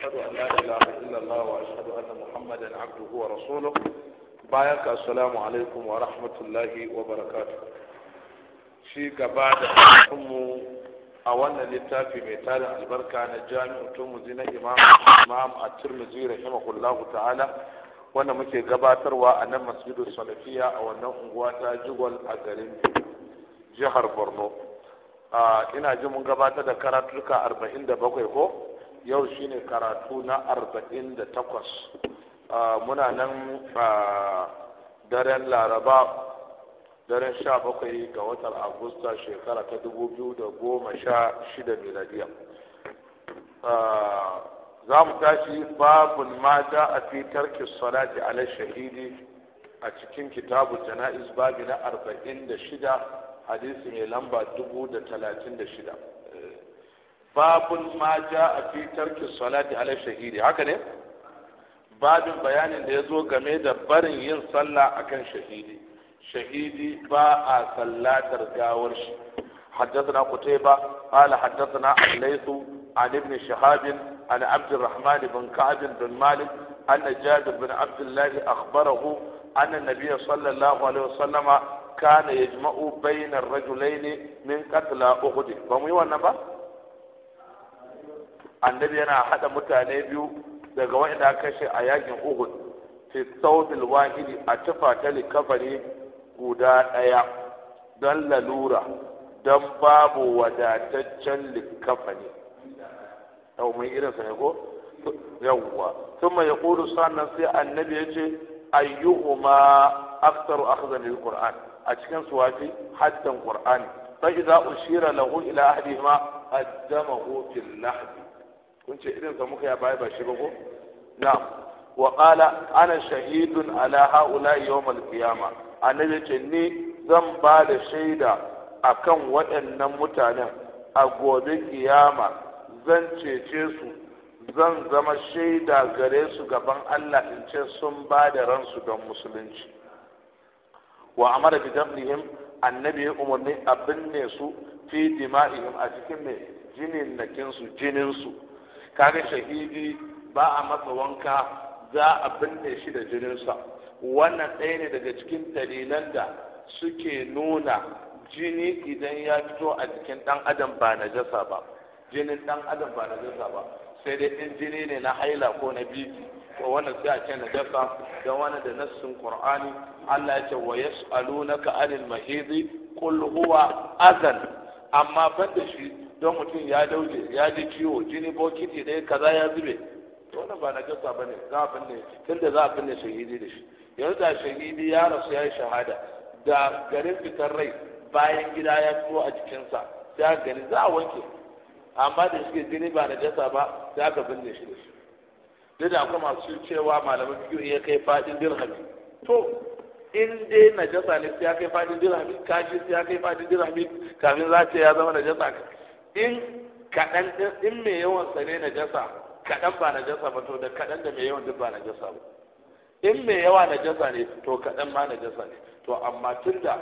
أشهد أن لا إله إلا الله وأشهد أن محمدا عبده ورسوله بايك السلام عليكم ورحمة الله وبركاته شيء بعد أمه a لتافي ميتال البركة tarin albarka na jami'u إمام na imam imam الله تعالى wannan ta'ala wanda muke gabatarwa a nan masjidu salafiya a wannan unguwa ta jigwal a garin jihar borno ina ji mun gabatar da karatuka arba'in da bakwai ko yau shine karatu na arba'in da takwas ah, muna nan ah, daren laraba daren sha bakwai ga watan agusta shekara ta dubu biyu da goma sha shida miladiya ah, za mu tashi babun ma a fi tarki salati ala shahidi a cikin kitabu jana'iz babi na arba'in da shida hadisi mai lamba dubu da talatin da shida babun ma a fi tarki salati ala shahidi haka ne babin bayanin da ya zo game da barin yin sallah akan shahidi shahidi ba a sallatar gawar shi حدثنا قتيبة قال حدثنا الليث عن ابن شهاب عن عبد الرحمن بن كعب بن مالك أن جابر بن عبد الله أخبره أن النبي صلى الله عليه وسلم كان يجمع بين الرجلين من قتلى أحد فمي ونبأ annabi yana haɗa mutane biyu daga wanda kashe a yakin uhud fi saudil wahidi a tufa ta likafari guda ɗaya don lalura don babu wadataccen likafani yau irin sa ne ko yawwa sun mai kudu sannan sai annabi ya ce ayyuhuma ma akhzan lil qur'an a cikin suwafi haddan qur'ani fa idza ushira lahu ila ahdihima addamahu fil lahd kun ce irin sa muka ya baya ba shi ba ko na wa qala ana shahidun ala haula yawm al-qiyama annabi ce ni zan ba da shaida akan waɗannan mutanen a gobe kiyama zan cece su zan zama shaida gare su gaban Allah in ce sun ba da ransu don musulunci wa amara bi damnihim annabi ya umarni a binne su fi dima'ihim a cikin mai jinin jinin jininsu kaga shahidi ba a masa wanka za a binne shi da jininsa wannan ɗaya ne daga cikin dalilan da suke nuna jini idan ya fito a jikin ɗan adam ba na jasa ba jinin ɗan adam ba na jasa ba sai dai in jini ne na haila ko na biki ko wannan sai a ce na jasa don wannan da nassin qur'ani Allah ya ce wa yas'alunaka anil mahidi qul huwa azan amma banda shi don mutum ya dauje ya ji ciwo jini bokiti ne kaza ya zube wannan ba na gasa ba ne za a binne tunda za a binne shahidi da shi yanzu da shahidi ya rasu ya yi shahada da garin fitar rai bayan gida ya fito a jikinsa sai a gani za a wanke amma da shi jini ba na gasa ba za ka binne shi da shi duk da akwai masu cewa malamin biyu ya kai faɗin dirhami to in dai najasa ne sai ya kai faɗin dirhami kashi sai ya kai faɗin dirhami kafin za ce ya zama najasa in kaɗan in mai yawan sa na jasa, kaɗan ba na jasa ba to da kaɗan da mai yawan duk ba jasa ba in mai yawa na jasa ne to kaɗan ma na jasa ne to amma tun da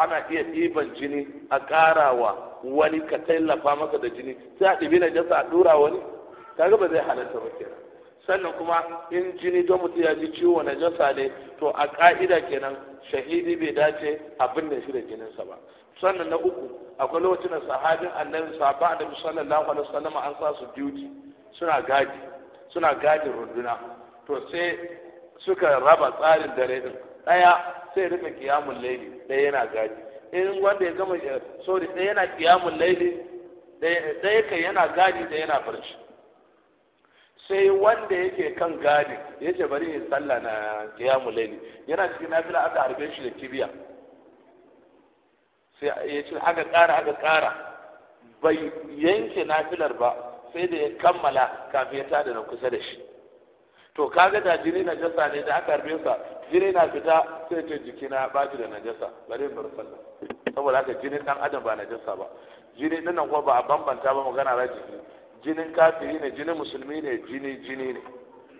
ana iya ɗiban jini a ƙarawa wani ka tallafa masa da jini sai a ɗibi jasa a ɗura wani kaga ba zai halatta ba kenan sannan kuma in jini don mutum ya ji ciwo na jasa ne to a ƙa'ida kenan shahidi bai dace abin da shi da jininsa ba sannan na uku akwai lokacin da sahabin annabi sahaba annabi sallallahu alaihi wasallam an sa su duty suna gadi suna gadin runduna to sai suka raba tsarin dare din daya sai rika kiyamul layli daya yana gadi in wanda ya gama eh, sorry daya yana kiyamun laili daya kai yana gadi daya yana barci sai wanda yake kan gadi yace bari in sallah na kiyamun laili yana cikin nafila aka harbe shi da kibiya sai ya ce aka ƙara aka ƙara bai yanke nafilar ba sai da ya kammala kafin ya tada na kusa da shi to kaga da jini na jasa ne da aka harbe sa jini na fita sai ce jiki na baki da najasa bari in bar sallah saboda haka jini dan adam ba najasa ba jini din nan kuma ba a bambanta ba magana ra jiki jinin kafiri ne jinin musulmi ne jini jini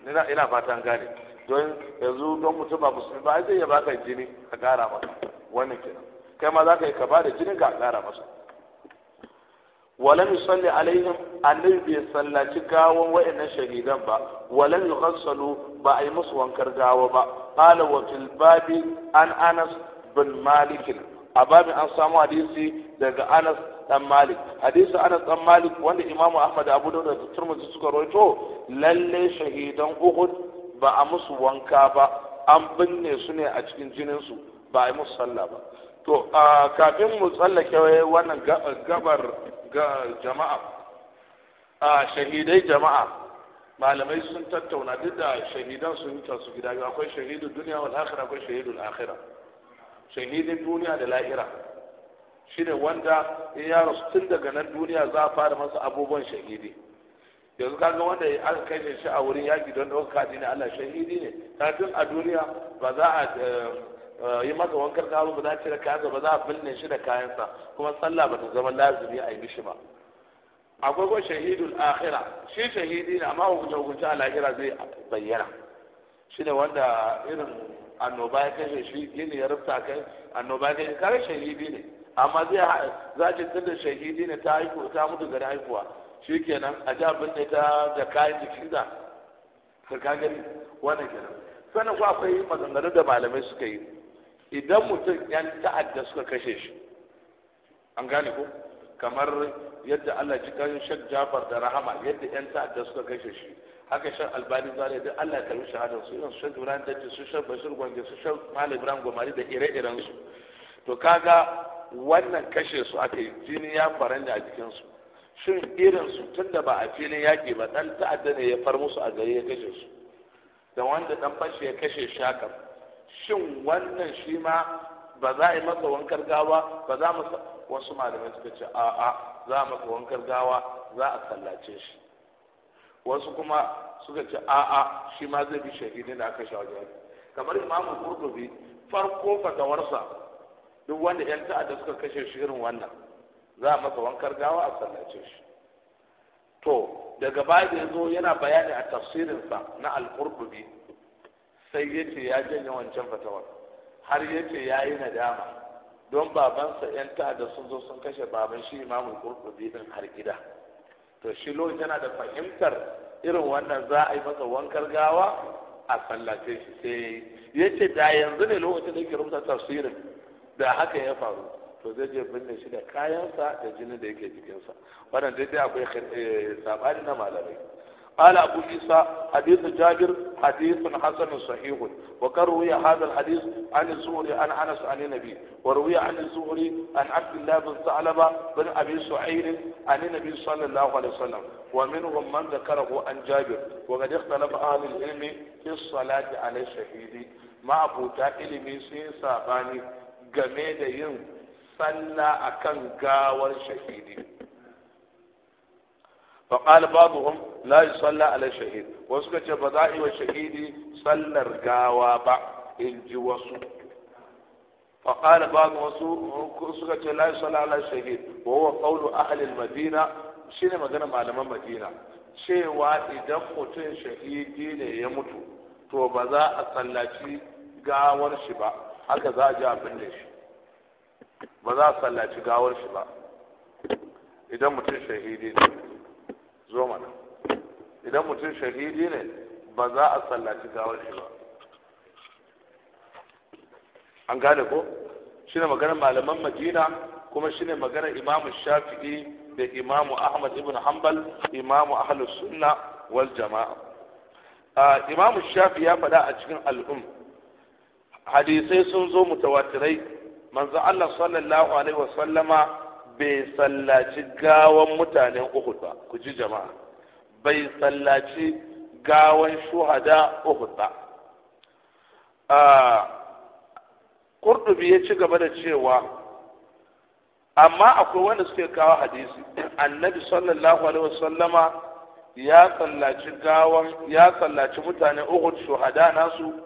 ne ina fatan gane don yanzu don mutum ba musulmi ba zai ya baka jini a kara maka wannan kenan kai ma za ka yi ka bada jinin ka ƙara masa walam yusalli alaihim annabi bai sallaci gawan wa'annan shahidan ba walam yughassalu ba a musu wankar gawa ba qala wa fil babi an anas bin malik a babin an samu hadisi daga anas dan malik hadisi anas dan malik wanda imamu ahmad abu dawud da turmuzi suka rawaito lalle shahidan uhud ba a musu wanka ba an binne su ne a cikin jinin su ba a musu sallah ba to kafin mu tsallake wannan gabar jama'a shahidai jama'a malamai sun tattauna duk da shahidan sun yi su gida biyu akwai shahidun duniya wal akhira akwai shahidul akhira shahidin duniya da lahira shine wanda ya rasu tun daga nan duniya za a fara masa abubuwan shahidi yanzu kaga wanda aka kashe shi a wurin yaki don ɗaukar kaji ne Allah shahidi ne kafin a duniya ba za a eh, Eh, yi masa wankan gawo ba za a cire kayansa ba za a binne shi da kayansa kuma sallah ba ta zama lazumi a yi mishi ba akwai ko shahidul akhira shi shahidi ne amma hukunce hukunce a lahira zai bayyana shi ne wanda irin annoba ya kashe shi gini ya rufta kai annoba ya kashe kare shahidi ne amma zai za ce da shahidi ne ta haihu ta mutu gari haihuwa shi kenan a ja abin da ta da kayan jikin da ka gani wannan kenan sannan ko akwai maganganu da malamai suka yi idan mutum yan ta'adda suka kashe shi an gane ko kamar yadda Allah ji kan Sheikh Jafar da Rahama yadda yan ta'adda suka kashe shi haka shan Albani zare da Allah ta rushe shahadar su irin shan duran da su shan Bashir Gwange su shan Malam Ibrahim Gomari da ire-iren su to kaga wannan kashe su aka yi jini ya faranya a jikin su shin irin su tunda ba a filin yaƙi ba dan ta'adda ne ya far musu a gari ya kashe su da wanda dan fashe ya kashe shakar shin wannan shi ma ba za a yi masa wankar gawa ba za mu wasu malamai suka ce a'a za a masa wankar gawa za a sallace shi wasu kuma suka ce a'a shi ma zai bi shahidi da aka shawo kamar imamu kurkubi farko fatawarsa duk wanda yan ta'adda suka kashe shi irin wannan za a masa wankar gawa a sallace shi to daga baya da ya zo yana bayani a tafsirinsa na al-qurdubi sai ya ce ya janye wancan fatawar har ya ce ya yi nadama don babansa 'yan ta'adda sun zo sun kashe baban shi imamul kurkubi din har gida to shi lo yana da fahimtar irin wannan za a yi masa wankar gawa a sallace shi sai ya ce da yanzu ne lokacin da yake rubuta tafsirin da haka ya faru to zai je binne shi da kayansa da jinin da yake jikinsa wannan dai akwai eh, saɓani na malamai قال أبو عيسى حديث جابر حديث حسن صحيح وقد روي هذا الحديث عن الزهري عن أنس عن النبي وروي عن الزهري عن عبد الله بن ثعلبة بن أبي سعيد عن النبي صلى الله عليه وسلم ومنهم من ذكره عن جابر وقد اختلف أهل العلم في الصلاة على الشهيد ما أبو تائل من ساباني game da yin sallah akan فقال بعضهم la yusalla ala shahid wasu ka ce ba za a yi wa shahidi sallar gawa ba in ji wasu فقال wasu suka ce la yusalla ala shahid wa huwa qawlu ahli al-madina shine magana malaman madina cewa idan mutum shahidi ne ya mutu to ba za a sallaci gawar shi ba haka za a ji abin da shi ba za a sallaci gawar shi ba idan mutum shahidi ne zo mana idan mutum shahidi ne ba za a sallaci gawar shi ba an gane ko shi ne maganar malaman madina kuma ne maganar imamu shafi'i da imamu ahmad ibn hanbal imamu ahlus sunna wal jama'a imamu shafi ya faɗa a cikin al'um hadisai sun zo mutawatirai manzo Allah sallallahu alaihi wa Sallama bai sallaci gawan mutanen Uhud ba ku ji jama'a bai sallaci gawan shuhada uhuda a kurdubi ya ci gaba da cewa amma akwai wanda suke kawo hadisi annabi sallallahu alaihi wasallama ya sallaci gawan ya sallaci mutane uhud shuhada nasu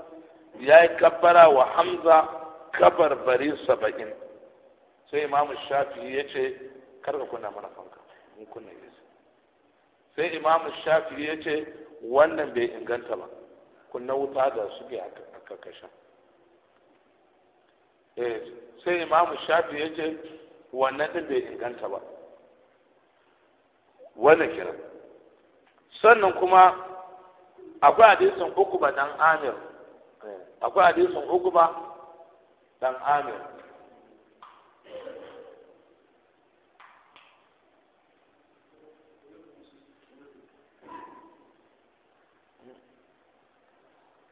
ya yi kabbara wa hamza kabar bari saba'in sai imamu shafi ya ce karka kuna mana fanka in kuna yi sai imamu shafi ya ce wannan bai inganta ba kunna wuta da suke a karkashin eh, sai imamu shafi ya ce wannan din bai inganta ba wannan kira sannan kuma akwai hadisin uku ba dan amir eh, akwai hadisin uku ba dan amir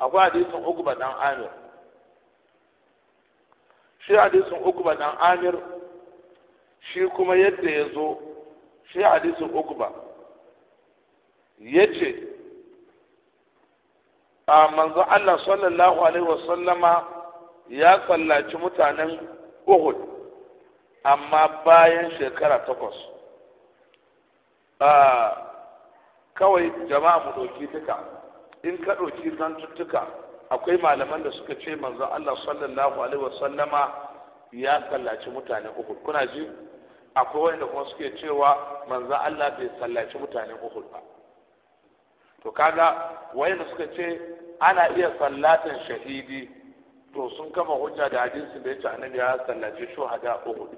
akwai hadisin ukuba dan amir shi hadisin ukuba dan amir shi kuma yadda ya zo shi hadisin ukuba ya ce a manzo Allah sallallahu alaihi wasallama ya tsallaci mutanen Uhud amma bayan shekara takwas kawai jama'a mu ɗauki duka in ka ɗauki zantuttuka akwai malaman da suka ce manzon Allah sallallahu alaihi wasallama ya sallaci mutane uku kuna ji akwai wanda kuma suke cewa manzon Allah bai sallaci mutane uku ba to kaga wayanda suka ce ana iya sallatan shahidi to sun kama hujja da hadisi da ya annabi ya sallaci shuhada uku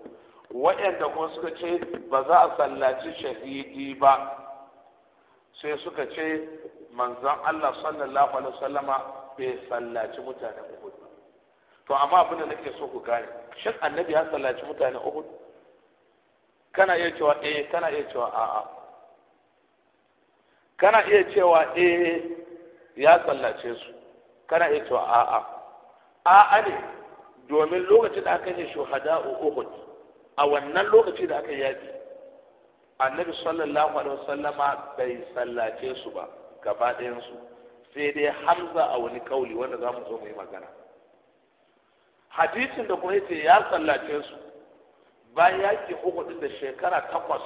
wayanda kuma suka ce ba za a sallaci shahidi ba sai suka ce manzon Allah sallallahu alaihi wasallama bai sallaci mutanen Uhud to amma abin da nake so ku gane shin annabi ya sallaci mutanen Uhud kana iya cewa eh kana iya cewa a'a kana iya cewa eh ya sallace su kana iya cewa a'a a'a ne domin lokacin da aka yi shuhada'u Uhud a wannan lokaci da aka yaki annabi sallallahu alaihi wasallama bai sallace su ba gaba ɗayansu sai dai hamza a wani kauli wanda za mu zo mu yi magana hadisin da kuma yace ya sallace su bayan yaki din da shekara takwas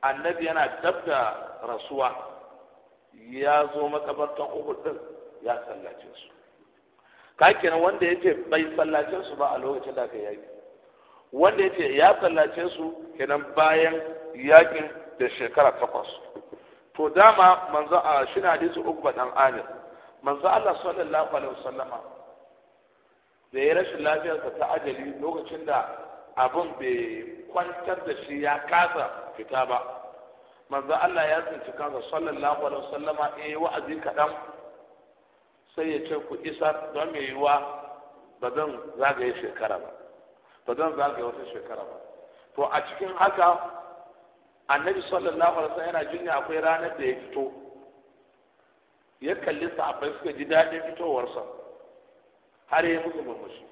annabi yana dab da rasuwa ya zo makabartan uku din ya sallace su ka kenan wanda yace bai sallace su ba a lokacin da aka yaki wanda yace ya sallace su kenan bayan yakin da shekara takwas to dama manzo a shina hadisi ukba dan amir manzo Allah sallallahu alaihi wasallama da ya rashin sa ta ajali lokacin da abin bai kwantar da shi ya kasa fita ba manzo Allah ya tsinci kansa sallallahu alaihi wasallama eh wa'azi kadan sai ya ce ku isa don mai yiwa ba zan zagaye shekara ba ba zan zagaye wata shekara ba to a cikin haka annabi sallallahu alaihi wasallam yana jinya akwai ranar da ya fito ya kalli sahabbai suka ji daɗin sa har ya musu murmushi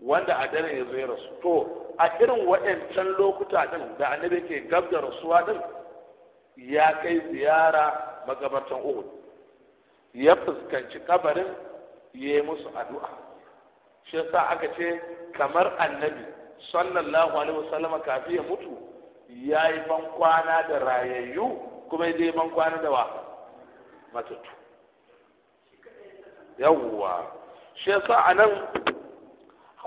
wanda a daren ya zo ya rasu to a irin waɗancan lokuta din da annabi ke gab da rasuwa din ya kai ziyara magabatan Uhud ya fuskanci kabarin ya yi musu addu'a shi yasa aka ce kamar annabi sallallahu alaihi wasallam kafin ya mutu ya yi bankwana da rayayyu kuma zai bankwana da wa matutu yawwa shi yasa a nan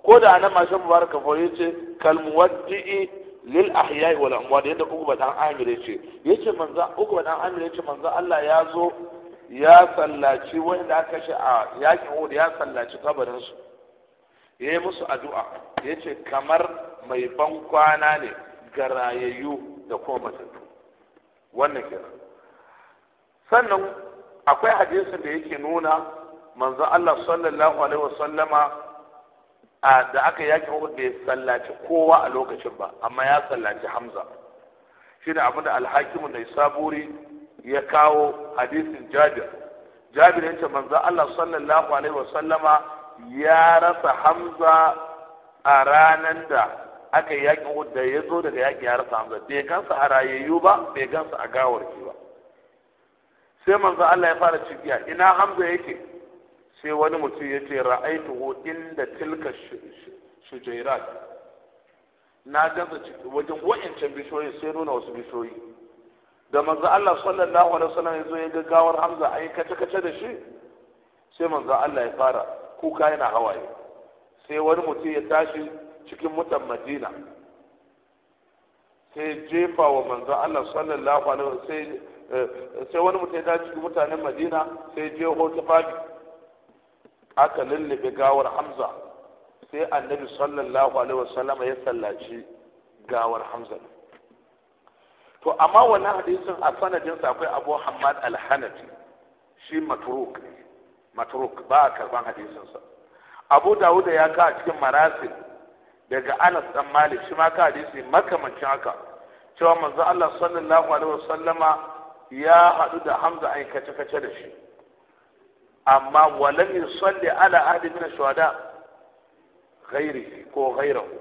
ko da a nan mashin mubaraka fa yace kalmuwaddi'i lil ahya'i wal amwat yadda uku ba dan amir yace yace manzo uku ba dan amir yace manzo Allah ya zo ya sallaci wanda aka shi a yakin Uhud ya sallaci kabarin su yayi musu addu'a yace kamar mai bankwana ne ga da kuma matattu wannan kenan sannan akwai hadisin da yake nuna manzo Allah sallallahu alaihi wasallama da aka yaki da ya sallaci kowa a lokacin ba amma ya sallaci Hamza shi da abinda da alhakimun da Isaburi ya kawo hadisin Jabir Jabir ya ce manzo Allah sallallahu alaihi wasallama ya rasa Hamza a ranan da aka yi yakin da ya zo daga yaƙi har rasa hamza bai gansa a rayayyu ba bai gansa a gawarki ba sai manzo Allah ya fara cikiya ina hamza yake sai wani mutum ya ce ra'aituhu inda tilka shujairat na gansa wajen wa'ancan bishiyoyi sai nuna wasu bishiyoyi da manzo Allah sallallahu alaihi wasallam ya zo ya ga gawar hamza ai kace kace da shi sai manzo Allah ya fara kuka yana hawaye sai wani mutum ya tashi cikin mutan madina sai jefa wa manzo Allah sallallahu alaihi wasallam eh, sai wani mutum ya cikin mutanen madina sai je hoto fadi aka lullube gawar hamza sai annabi sallallahu alaihi wasallam ya sallaci gawar hamza to amma wannan hadisin a sa akwai abu hamad al-hanafi shi matruk matruk ba a karban sa abu dawuda ya ka a cikin marasil daga Anas dan Malik shi ma ka hadisi makamancin haka cewa manzo Allah sallallahu alaihi wasallama ya hadu da Hamza ai kace kace da shi amma walam yusalli ala ahli min shuhada ghairi ko ghairahu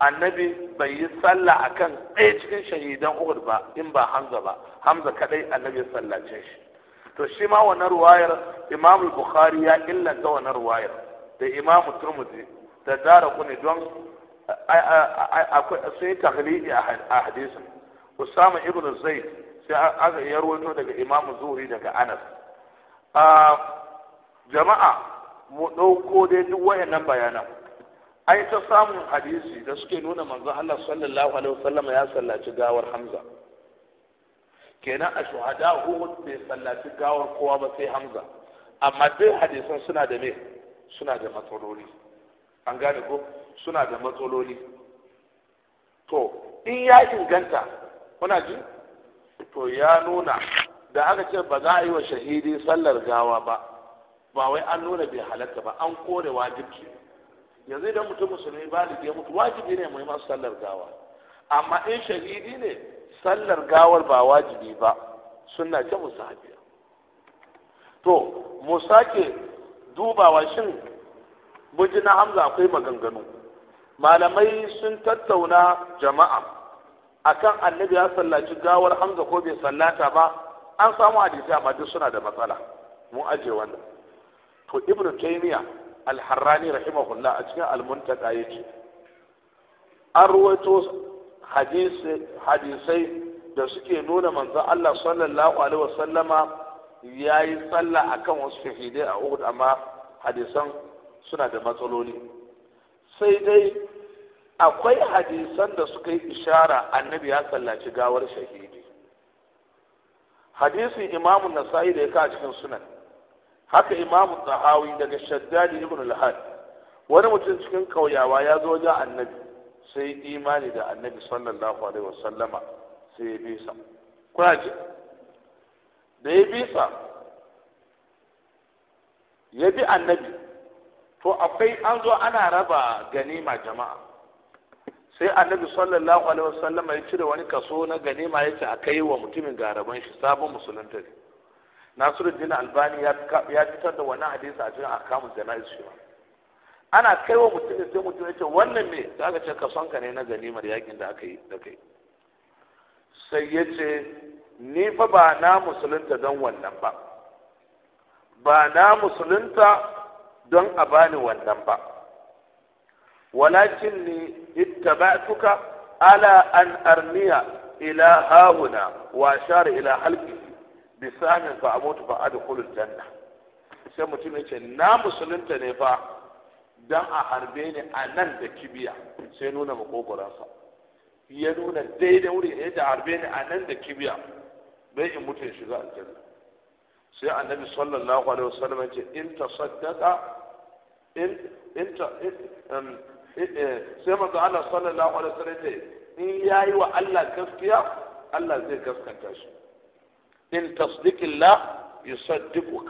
annabi bai yi salla akan ɗaya cikin shahidan Uhud ba in ba Hamza ba Hamza kadai annabi ya sallace shi to shi ma wannan ruwayar Imam Bukhari ya illanta wannan ruwayar da Imam Turmudi da kuni don sai taklidi a hadisin usama ibn zaid sai aka ya rawaito daga imamu zuhri daga anas jama'a mu ɗauko dai duk wayannan bayanan ai ta samun hadisi da suke nuna manzo Allah sallallahu alaihi wasallam ya sallaci gawar Hamza kenan a shuhada Uhud bai sallaci gawar kowa ba sai Hamza amma dai hadisan suna da me suna da matsaloli an gane ko suna da matsaloli to in ya inganta kuna ji to ya nuna da aka ce ba za a yi wa shahidi sallar gawa ba ba wai an nuna bai halatta ba an kore wajibi yanzu idan mutum musulmi da ya mutu wajibi ne mai masu sallar gawa amma in shahidi ne sallar gawar ba wajibi ba suna ce musahabiya to mu sake dubawa shin bujina hamza akwai maganganu malamai sun tattauna jama'a akan annabi ya sallaci gawar hamza ko bai sallata ba an samu hadisi amma duk suna da matsala mu aje wannan to ibnu taymiya al-harrani rahimahullah a cikin al-muntaqa yace an ruwaito hadisai da suke nuna manzo Allah sallallahu alaihi wasallama yayi sallah akan wasu shahidai a Uhud amma hadisan suna da matsaloli sai dai akwai hadisan da suka yi ishara annabi ya tsallaci gawar shahidi hadisin imamun nasa'i da ya ka cikin sunan haka imamun tsahawi daga shaddadi ibn al-had wani mutum cikin kauyawa ya zo wajen annabi sai imani da annabi sallallahu alaihi wasallama sai ya bisa kuna ji da ya bisa ya bi annabi to akwai an zo ana raba ganima jama'a sai annabi sallallahu alaihi wasallam ya cire wani kaso na ganima yace a kai wa mutumin garaban shi sabon musulunta ne Nasiruddin Albani ya fitar da wani hadisi a cikin akamu jana'iz shi ana kai wa mutum sai mutum yace wannan ne da aka ce kasonka ne na ganimar yakin da aka yi da kai sai yace ni fa ba na musulunta don wannan ba ba na musulunta don a bani wannan ba walakin ni ittaba'tuka ala an arniya ila hauna wa ashara ila halqi bi samin fa amutu fa adkhulu janna sai mutum ce na musulunta ne fa dan a harbe ni a nan da kibiya sai nuna makogoransa ya nuna daidai wuri ya da harbe ni a nan da kibiya bai in mutu ya shiga aljanna sai annabi sallallahu alaihi wasallam ya ce in tasaddaqa in in um, e, sai manzo Allah sallallahu alaihi wasallam ya ce in yayi wa Allah gaskiya Allah zai gaskanta shi in tasdiqillah yusaddiquk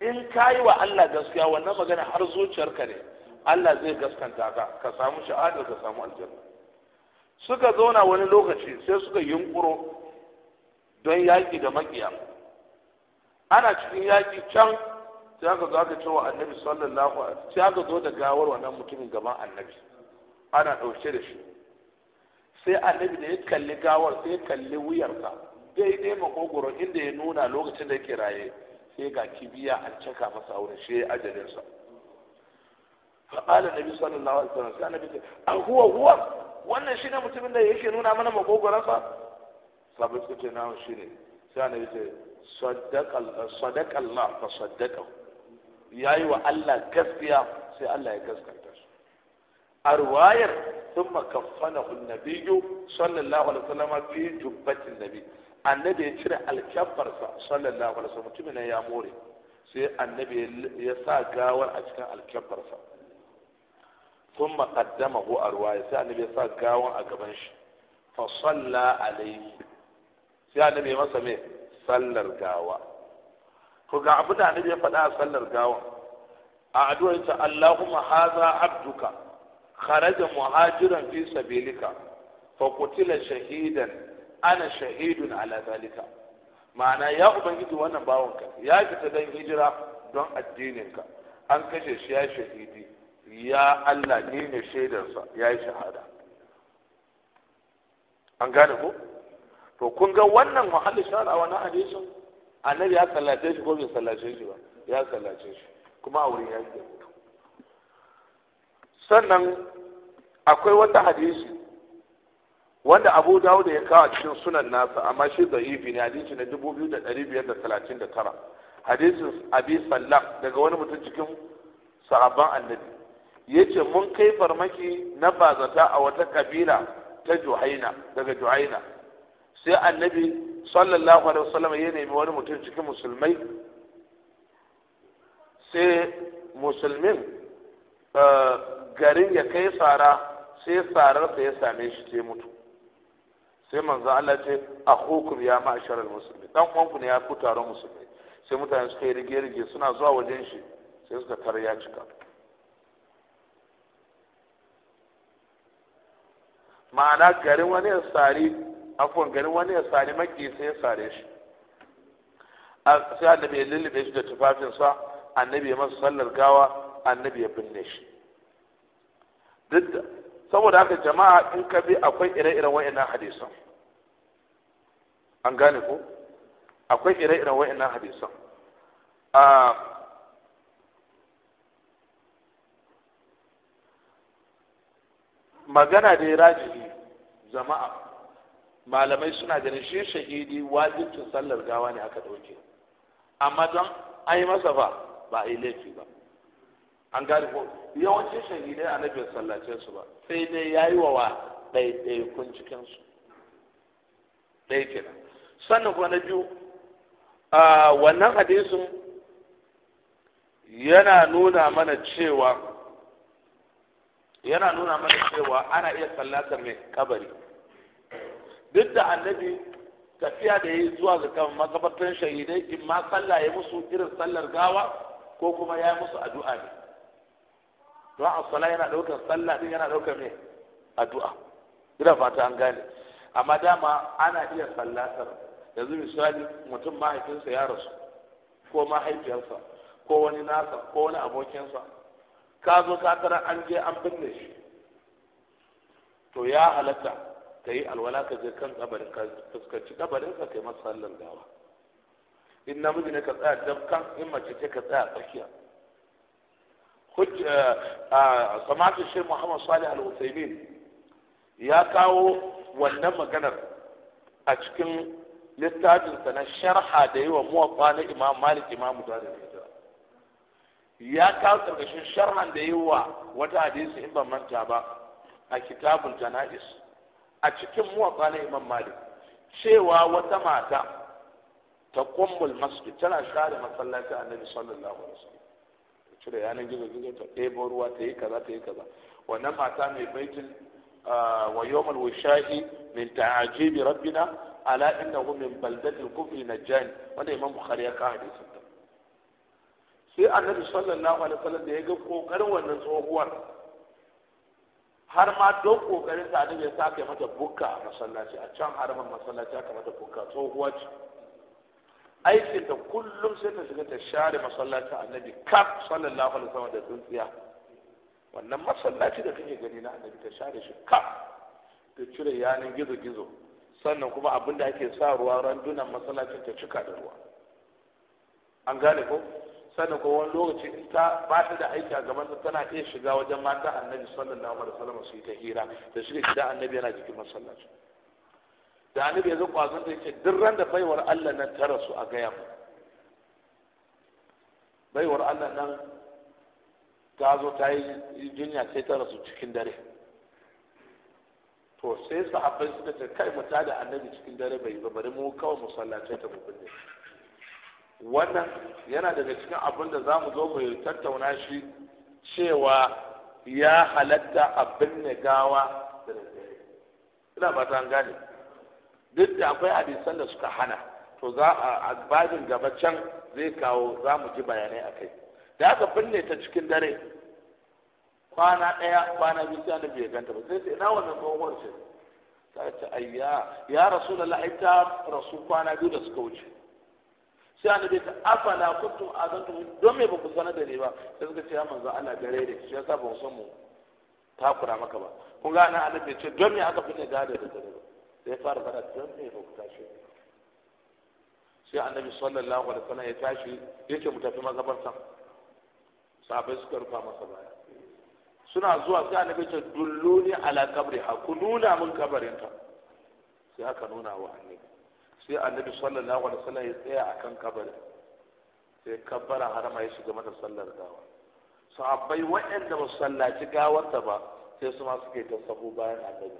in kayi wa Allah gaskiya wannan magana har zuciyarka ne Allah zai gaskanta ka ka samu sha'adar ka samu aljanna suka zauna wani lokaci sai suka yunkuro don yaƙi da maƙiya ana cikin yaƙi can sai aka zo aka ce wa annabi sallallahu alaihi sai aka zo da gawar wannan mutumin gaban annabi ana ɗauke da shi sai annabi da ya kalli gawar sai ya kalli wuyarsa daidai makogoro inda ya nuna lokacin da yake raye sai ga kibiya an caka masa wurin shi ajalinsa faƙala nabi sallallahu alaihi wasallam sai annabi ce a huwa huwa wannan shi ne mutumin da yake nuna mana makogoransa sabu suke ce na shi ne sai annabi ce sadaka eh, Allah fa sadaka yayi wa Allah gaskiya sai Allah ya gaskata shi a ruwayar thumma kaffanahu an-nabiyyu sallallahu alaihi wasallam fi jubbatin nabi annabi ya cire alkyabbarsa sallallahu alaihi wasallam mutumin ya more sai annabi ya sa gawar a cikin ko alkyabbarsa ثم قدمه أرواية سأل النبي صلى الله عليه وسلم فصلى عليه سأل النبي masa سميه sallar gawa to ga abu da annabi ya faɗa a sallar gawa a addu'ar ta Allahumma haza abduka kharaja muhajiran fi sabilika fa qutila shahidan ana shahidun ala zalika ma'ana ya ubangiji wannan bawanka ya fita dan hijira don addininka an kashe shi ya shahidi ya Allah ne ne shaidarsa ya yi shahada an gane ko to kun ga wannan muhalli shara na hadisin annabi ya sallace shi ko bai sallace shi ba ya sallace shi kuma a wurin yake sannan akwai wata hadisi wanda abu dawud ya kawo cikin sunan nasa amma shi da ibi ne hadisi na 2539 hadisin abi sallam daga wani mutum cikin sahabban annabi yace mun kai farmaki na bazata a wata kabila ta juhaina daga juhaina sai annabi sallallahu alaihi wasallam ya nemi wani mutum cikin musulmai sai musulmin eh, garin ya kai tsara sai tsararsa ya same shi sai mutu sai manzo Allah ce a hukum ya ma'ashar musulmi dan uwanku ne ya ku taron musulmi sai mutane suka yi rige-rige suna zuwa wajen shi sai suka tar ya cika ma'ana garin wani tsari afuwan ganin wani ya sare maki sai ya sare shi sai annabi ya lullube shi da tufafinsa annabi ya masa sallar gawa annabi ya binne shi duk da saboda haka jama'a in ka bi akwai ire-iren wa'annan hadisan an gane ko akwai ire-iren wa'annan hadisan magana da ya rajihi jama'a malamai suna ganin shi shahidi wajibcin sallar gawa ne aka ɗauke amma don a yi masa ba ba a yi laifi ba an gane ko yawancin shahidai a nabi sallace su ba sai dai ya yi wa ɗaiɗaikun su ɗai kenan sannan kuma na biyu wannan hadisin yana nuna mana cewa yana nuna mana cewa ana iya sallatar mai kabari duk da annabi tafiya da ya yi zuwa ga kan shahidai in ma sallah ya musu irin sallar gawa ko kuma ya musu addu'a ne don a sallah yana ɗaukar sallah din yana ɗaukar ne addu'a ina fata an gane amma dama ana iya sallatar yanzu misali mutum mahaifinsa ya rasu ko mahaifiyarsa ko wani nasa ko wani abokinsa ka zo ka tara an je an binne shi to ya halatta ka yi alwala ka je kan kabarin ka fuskanci kabarin ka kai masa sallar gawa in namiji ne ka tsaya dab kan in mace ce ka tsaya tsakiya eh, samatu shi muhammad salih al-usaimin ya kawo wannan maganar a cikin littafinsa na sharha da yi wa muwaffa na imam malik imam da ya kawo ƙarƙashin sharhan da yi wa wata hadisi in ban manta ba a kitabun jana'is a cikin muwatta na imam malik cewa wata mata ta kummul masjid tana share masallaci annabi sallallahu alaihi wasallam cire yanan gizo gizo ta ɗebo ruwa ta yi kaza ta yi kaza wannan mata mai baitin wa yawmal wishahi min ta'ajibi rabbina ala innahu min baldatil kufri najjan wanda imam bukhari ya ka hadisin sai annabi sallallahu alaihi wasallam da ya ga kokarin wannan tsohuwar har ma don kokarin ta annabi ya saka mata bukka a masallaci a can haramin masallaci aka mata bukka tsohuwa ce aikin da kullum sai ta shiga ta share masallaci annabi kaf sallallahu alaihi wasallam da tsuntsiya wannan masallaci da kake gani na annabi ta share shi kaf ta cire yanin gizo gizo sannan kuma abinda ake sa ruwa randunan masallacin ta cika da ruwa an gane ko sannan ko wani lokaci in ta ba ta da aiki a gaban ta tana iya shiga wajen mata annabi sallallahu alaihi wasallam su yi ta hira da shi da annabi yana jikin masallaci da annabi ya zo kwazon ta yake duk ran da baiwar Allah nan ta rasu a gaya mu baiwar Allah nan ta zo ta yi jinya sai ta rasu cikin dare to sai sahabbai suka ce kai mu da annabi cikin dare bai ba bari mu kawai musallaci ta mu binne wannan yana daga cikin abin da za mu zo mu tattauna shi cewa ya halatta abin ne gawa da daddare ina ba ta gane duk da akwai hadisan da suka hana to za a babin gaba can zai kawo za mu ji bayanai a kai da aka binne ta cikin dare kwana ɗaya kwana biyu sai da bai ganta ba sai sai ina wannan tsohuwar ce ta ce ayya ya rasu da la'aita rasu kwana biyu da suka wuce sai annabi ta afala kuntum azantum don me ba ku sanar da ni ba sai suka ce ya manzo Allah gare da shi yasa ba san mu ta kura maka ba kun ga nan annabi ce don me aka fita gare da dare ba sai fara fara don me ba ku tashi sai annabi sallallahu alaihi wasallam ya tashi yake mu tafi sa sahabbai suka rufa masa baya suna zuwa sai annabi ce dulluni ala kabri ha ku nuna mun kabarinta sai aka nuna wa annabi sai annabi sallallahu alaihi wasallam ya tsaya akan kabarin sai kabbara harama ya shiga mata sallar gawa abai waɗanda ba su sallaci gawarta ba sai su ma suke ta sabo bayan annabi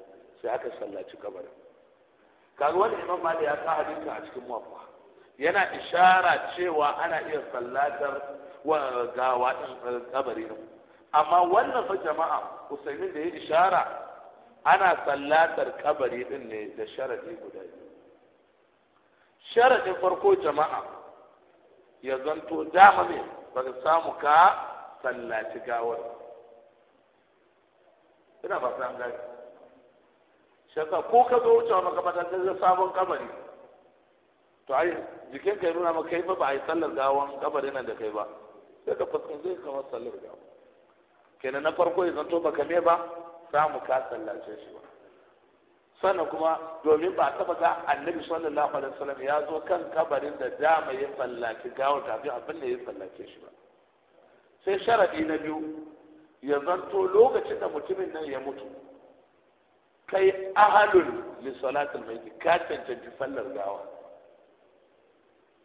sai aka sallaci kabarin kaga wani imam mali ya sa hadisi a cikin muwaffa yana ishara cewa ana iya sallatar gawa din eh, kabari amma wannan fa jama'a usaini da ya ishara ana sallatar kabari din ne da sharadi guda sharadin farko jama'a ya zanto dama ne ba ka samu ka sallaci gawar ina ba san gari shaka ko ka zo wucewa makamantar da sabon kabari to ai jikin ka nuna maka kai fa ba a yi sallar gawan kabari nan da kai ba sai ka fuskanci kamar sallar gawa kenan na farko ya zanto baka me ba samu ka sallace shi ba sannan kuma domin ba taba ga annabi sallallahu alaihi wasallam ya zo kan kabarin da dama ya fallaki gawar kafin abin da ya sallake shi ba sai sharadi na biyu ya zanto lokacin da mutumin nan ya mutu kai ahalul li salatul mayyit ka ji sallar gawa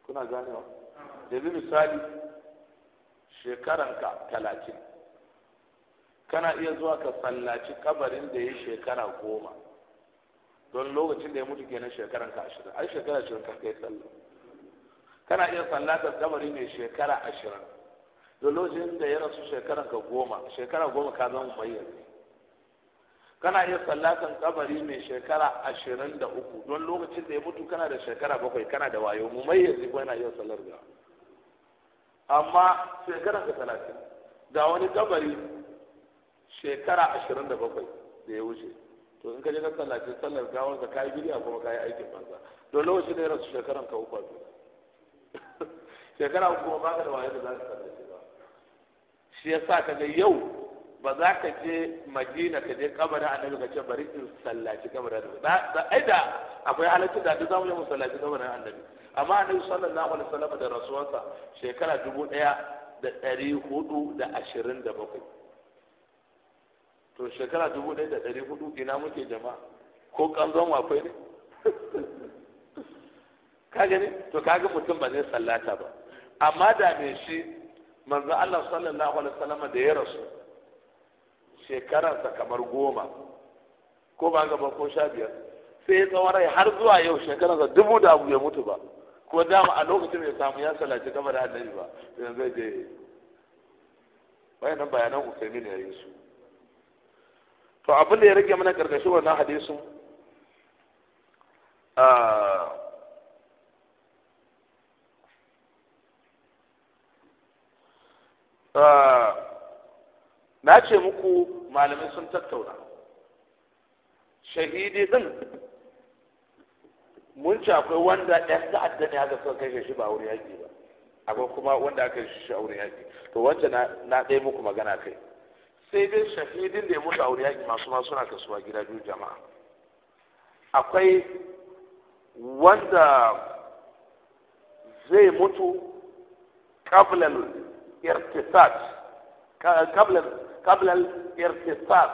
kuna ganewa yanzu misali shekaranka talatin kana iya zuwa ka sallaci kabarin da ya shekara goma don lokacin da ya mutu kenan shekaran ka ashirin ai shekara ashirin ka kai sallah kana iya sallatar kabari mai shekara ashirin don lokacin da ya rasu shekaran ka goma shekara goma ka zama bayyana kana iya sallatar kabari mai shekara ashirin da uku don lokacin da ya mutu kana da shekara bakwai kana da wayo mu mayyazi ko yana iya sallar da amma shekaran ka talatin ga wani kabari shekara ashirin da bakwai da ya wuce to in ka je ka sallace sallar gawar ka kai bidiya kuma kai aikin banza to lokaci ne rasu shekaran ka uku shekara uku kuma ka da waye da za ka sallace ba shi yasa ka ga yau ba za ka je madina ka je kabarin annabi ka ce bari in sallaci kabarin annabi da ai da akwai halaccin da duk zamu je mu sallaci kabarin annabi amma annabi sallallahu alaihi wasallam da rasuwarsa shekara dubu ɗaya da ɗari hudu da ashirin da bakwai to shekara dubu ɗaya da ɗari hudu ina muke jama'a ko kanzon wafai ne ka gani to kaga mutum ba zai sallata ba amma da me shi manzo Allah sallallahu alaihi wasallam da ya rasu shekararsa kamar goma ko ba gaba ko sha biyar sai ya tsawon rai har zuwa yau shekararsa dubu da abu ya mutu ba ko dama a lokacin ya samu ya sallaci gaba da annabi ba yanzu zai je wayannan bayanan ne ya yi su to abin da ya rage mana karkashi wannan hadisin na ce muku malamai sun tattauna shahidi din mun ci akwai wanda ɗan ta'adda ne haka suka kashe shi ba wuri yaƙi ba akwai kuma wanda aka shi shi a wurin yaƙi to wancan na ɗaya muku magana kai sai dai shahidin da ya mutu aure yaƙi masu ma suna kasuwa gida biyu jama'a akwai wanda zai mutu kablal irtisat kablal irtisat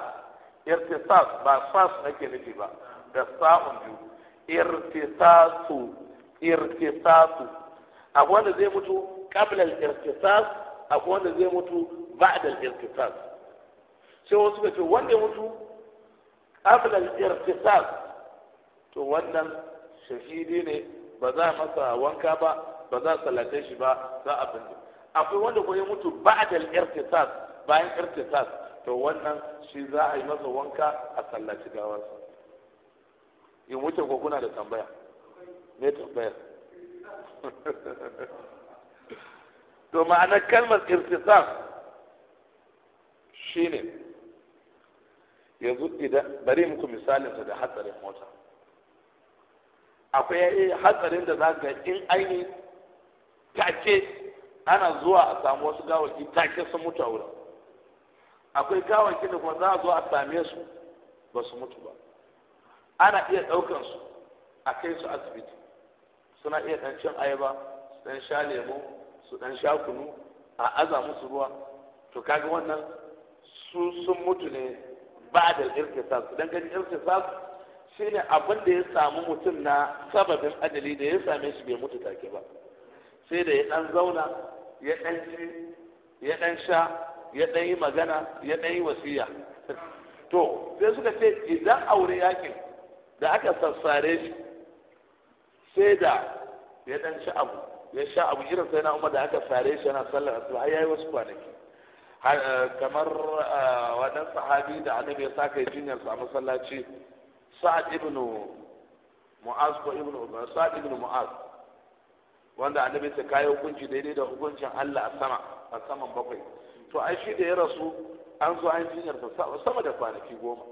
irtisat ba sas nake nufi ba da sa'un biyu irtisatu irtisatu akwai wanda zai mutu kablal irtisat akwai wanda zai mutu ba'dal irtisat Sai wasu ce wanda ya mutu qabla al-irtisal to wannan shahidi ne ba za a masa wanka ba ba za a salate shi ba za a binne akwai wanda ko ya mutu ba'da al-irtisal bayan irtisal to wannan shi za a yi masa wanka a sallaci gawar in wuce ko kuna da tambaya ne tambayar to ma'anar kalmar irtisal shine yanzu idan bari muku misalin da hatsarin mota akwai hatsarin da za ga in aini take ana zuwa a samu wasu gawaki take sun mutu a wurin akwai gawaki da kuma za a zo a same su ba su mutu ba ana iya ɗaukan su a kai su asibiti suna iya ɗan cin ayaba su ɗan sha lemo su ɗan sha kunu a aza musu ruwa to kaga wannan su sun mutu ne ba'da al-irtisas dan gani irtisas shine abin da ya samu mutum na sababin adali da ya same shi bai mutu take ba sai da ya dan zauna ya dan ci ya dan sha ya dan yi magana ya dan yi wasiya to sai suka ce idan aure yakin da aka sassare shi sai da ya dan ci abu ya sha abu irin sai na umar da aka sare shi yana sallar asuba ya yayi wasu kwanaki Eh, kamar eh, wadan sahabi da annabi ya saka jinyar sa masallaci sa'ad ibn mu'az ko ibn sa'ad ibn mu'az wanda annabi ta kai hukunci daidai da hukuncin Allah a sama a saman bakwai to ai shi da ya rasu an zo an jinyar sa sama da kwanaki goma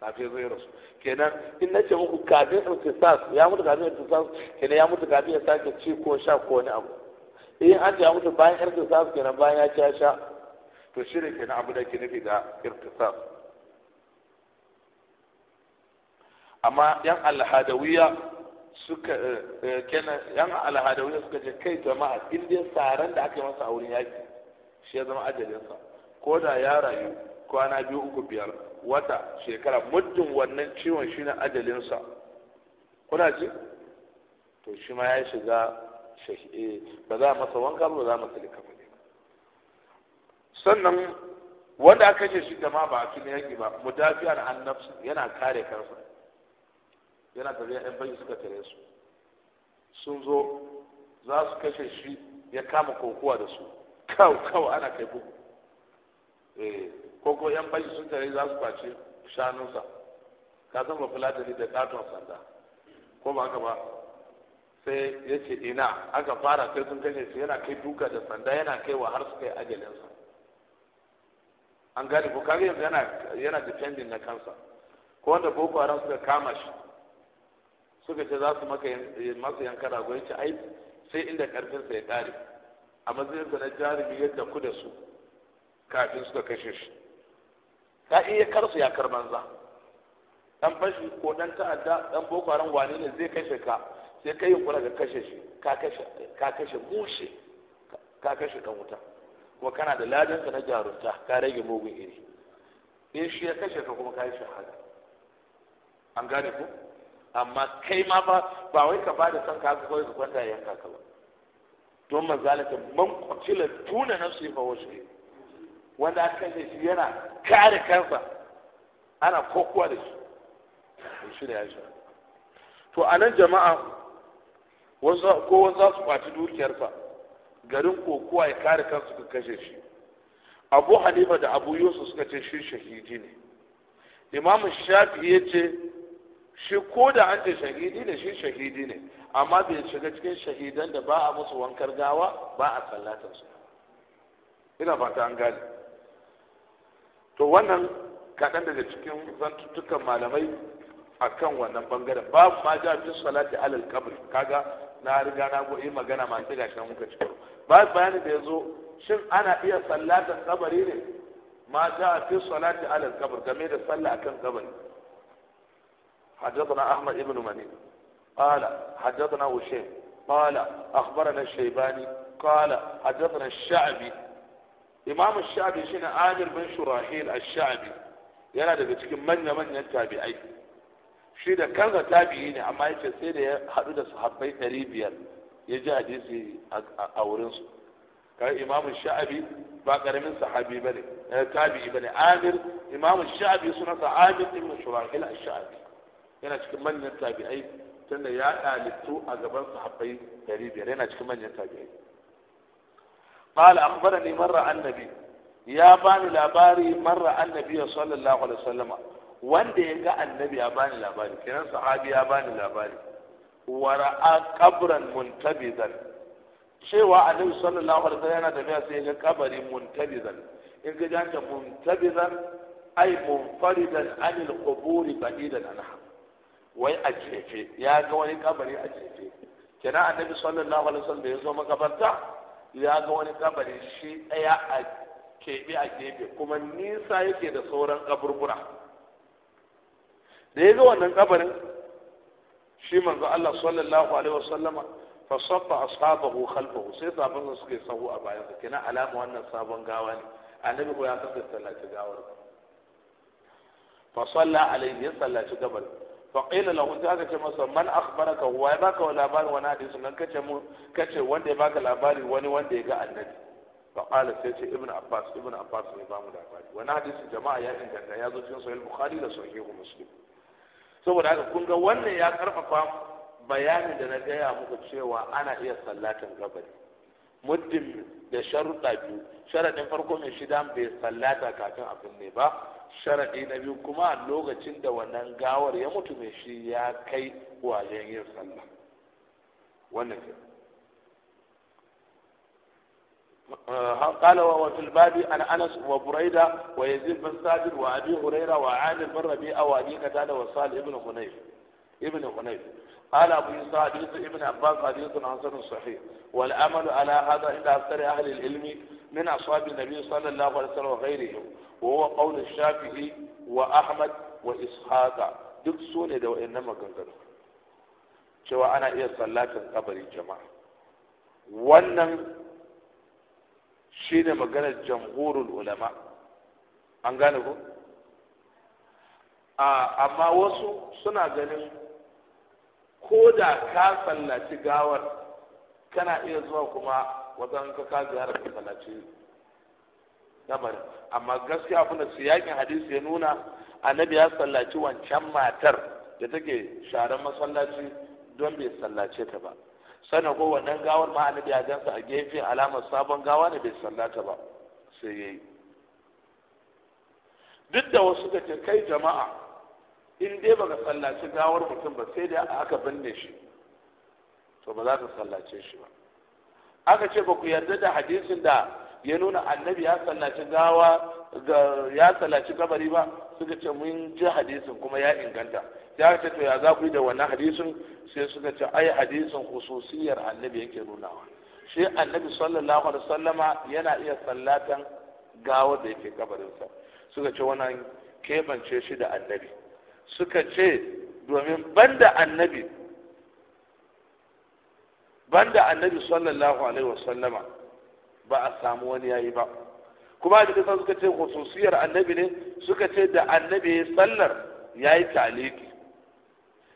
kafin zai rasu kenan in na ce muku kafin irtisas ya mutu kafin irtisas kenan ya mutu kafin ya sake ci ko sha ko wani abu in an ce ya mutu bayan irtisas kenan bayan ya ci ya sha to shi ne ke na abu da ke nufi da irtisas amma yan alhadawiya suka eh, eh, kenan yan alhadawiya suka ce kai jama'a in dai tsaron da aka yi masa a wurin yaki shi ya zama ajalinsa ko da ya rayu kwana biyu uku biyar wata shekara muddin wannan ciwon shi ne ajalinsa kuna ji to shi ma ya shiga eh, ba za a masa wanka ba za a masa likafa sannan wanda aka ce shi jama'a ba a cikin yaƙi ba mudafiyar an nafsu yana kare kansa yana tafiya yan bayi suka tare su sun zo za su kashe shi ya kama kokowa da su kawo kawo ana kai bugu eh, ko ko yan bayi sun tare za su kwace shanunsa ka san ba fulatani da katon sanda ko ba haka ba sai ya ce ina aka fara kai sun kashe shi yana kai duka da sanda yana kaiwa har su kai ajalinsa an gane ko kaga yanzu yana yana depending na kansa ko wanda boko haram suka kama shi suka ce za su maka eh, masu yanka rago yace ai sai inda karfin sa ya kare a matsayin sa na jarumi yadda ku da su kafin suka kashe shi ka iya karsu ya kar banza dan fashi ko dan ta'adda dan boko haram wane ne zai kashe ka sai kai yunkura ka kashe shi ka kashe ka kashe mushe ka kashe dan wuta kuma kana da ladanka na jarunta ka rage mugun iri in eh, shi ya kashe ka kuma ka yi shahada an gane ku amma kai ma ba ba wai ka ba da son ka ga kawai ka kwanta yanka ka ba don mazalata man kwacila tuna na su yi fa wasu wanda aka kashe shi yana kare kansa ana kokowa da shi shi da yashi to a nan jama'a ko wasu za su kwaci dukiyarsa garin kokowa ya kare kansu ka kashe shi abu hanifa da abu yusuf suka ce shi shahidi ne imamu shafi ya ce shi ko da an ce shahidi ne shi shahidi ne amma bai shiga cikin shahidan da ba a musu wankar gawa ba a sallatar su ina fata an gane to wannan kaɗan daga cikin zantuttukan malamai akan wannan bangaren babu ma ja fi salati alal kabri kaga na riga na goyi magana masu sai gashi muka ci ba bayani da ya zo. shin ana iya sallatar kabari ne ma ja fi salati ala kabr game da sallah akan kabari حدثنا أحمد بن مني قال حدثنا وشيم قال أخبرنا الشيباني قال حدثنا الشعبي إمام الشعبي شنو عامر بن شراحيل الشعبي ينادى cikin manya من tabi'ai. shi da kansa tabi'i ne amma yace sai da ya haɗu da sahabbai 500 biyar ya ji hadisi a wurin su kai imamu sha'abi ba karamin sahabi ba ne eh, tabi'i ba ne amir imamu sha'abi sunansa amir ibn shurahil sha'abi yana cikin manyan tabi'ai tunda ya dalitu a gaban sahabbai 500 biyar yana cikin manyan tabi'ai قال أخبرني مرة النبي يا bani labari مرة النبي صلى الله عليه وسلم wanda ya ga annabi ya bani labari kenan sahabi ya bani labari wara'a kabran muntabidan cewa annabi sallallahu alaihi wasallam yana tafiya sai ga kabari muntabidan in ga janta muntabidan ai munfaridan anil qubur badidan anha wai a jefe ya ga wani kabari a jefe kenan annabi sallallahu alaihi wasallam da ya zo makabarta ya ga wani kabari shi daya a keɓe a gefe kuma nisa yake da sauran kaburbura da ya ga wannan kabarin shi manzo Allah sallallahu alaihi wasallama fa saffa ashabahu khalfahu sai sabon su yi sahu a bayan sa kenan alama wannan sabon gawa ne annabi ko ya kasa sallaci gawar fa salla alaihi ya sallaci gabar fa qila lahu ta ka ce masa man akhbaraka huwa ya baka labari wani hadisi nan kace mu kace wanda ya baka labari wani wanda ya ga annabi fa qala sai ce ibnu abbas ibnu abbas ne ba mu labari wani hadisi jama'a ya inganta ya zo cikin sahih bukhari da sahih muslim saboda haka kun ga wannan ya karfafa bayanin da na gaya muku cewa ana iya sallatin gabari muddin da sharuɗa biyu sharaɗin farko mai shida bai sallata kafin a binne ba sharaɗi na biyu kuma a lokacin da wannan gawar ya mutu mai shi ya kai wajen yin sallah wannan kenan قال وفي الباب عن انس وبريده ويزيد بن ثابت وابي هريره وعامر بن ربيعه وابي قتاده وصالح بن حنيف ابن حنيف قال ابو يوسف حديث ابن عباس حديث حسن صحيح والامل على هذا عند اكثر اهل العلم من اصحاب النبي صلى الله عليه وسلم وغيرهم وهو قول الشافعي واحمد واسحاق duk so ne da wa'annan maganganu cewa ana iya sallatin kabari jama'a wannan Shi ne maganar jamhurul ulama an gane ko amma wasu suna ganin ko da ka sallaci gawar kana iya zuwa kuma wajen ka ka ziyara ka sallaci amma gaskiya abin da yakin hadisi ya nuna annabi ya sallaci wancan matar da take sharar masallaci don bai sallace ta ba sana ko wannan gawar ma annabi ya gansa a gefe alamar sabon gawa ne bai sallata ba sai yayi duk da wasu da ke kai jama'a in dai baka sallaci gawar mutum ba sai dai aka binne shi to ba za ka sallace shi ba aka ce ba ku yarda da hadisin da ya nuna annabi ya sallaci gawa ya sallaci kabari ba suka ce mun ji hadisin kuma ya inganta ya ce to ya za ku yi da wannan hadisin sai suka ce ai hadisin khususiyar annabi yake nunawa shi annabi sallallahu alaihi wasallama yana iya sallatan gawar da yake kabarinsa suka ce wannan kebance shi da annabi suka ce domin banda annabi banda annabi sallallahu alaihi wasallama ba a samu wani yayi ba kuma da kasan suka ce khususiyar annabi ne suka ce da annabi ya sallar yayi taliki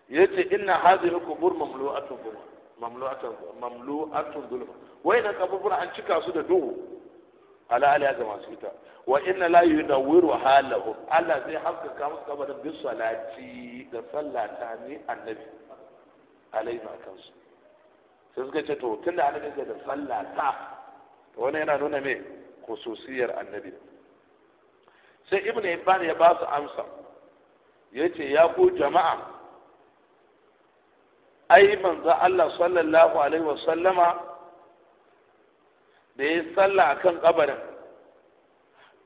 yace inna hadhihi qubur mamlu'atun zulma mamlu'atun mamlu'atun zulma wai na kaburbur an cika su da duhu ala ala ga masu ita wa inna la yudawwiru halahum Allah zai haskaka musu kabarin bi salati da sallata ni annabi alaihi wa kansu sai suka ce to tunda annabi ga da sallata wannan yana nuna me kususiyar annabi sai ibnu hibban ya ba su amsa yace ya ku jama'a ai manzo Allah sallallahu alaihi sallama, da ya sallah akan kabarin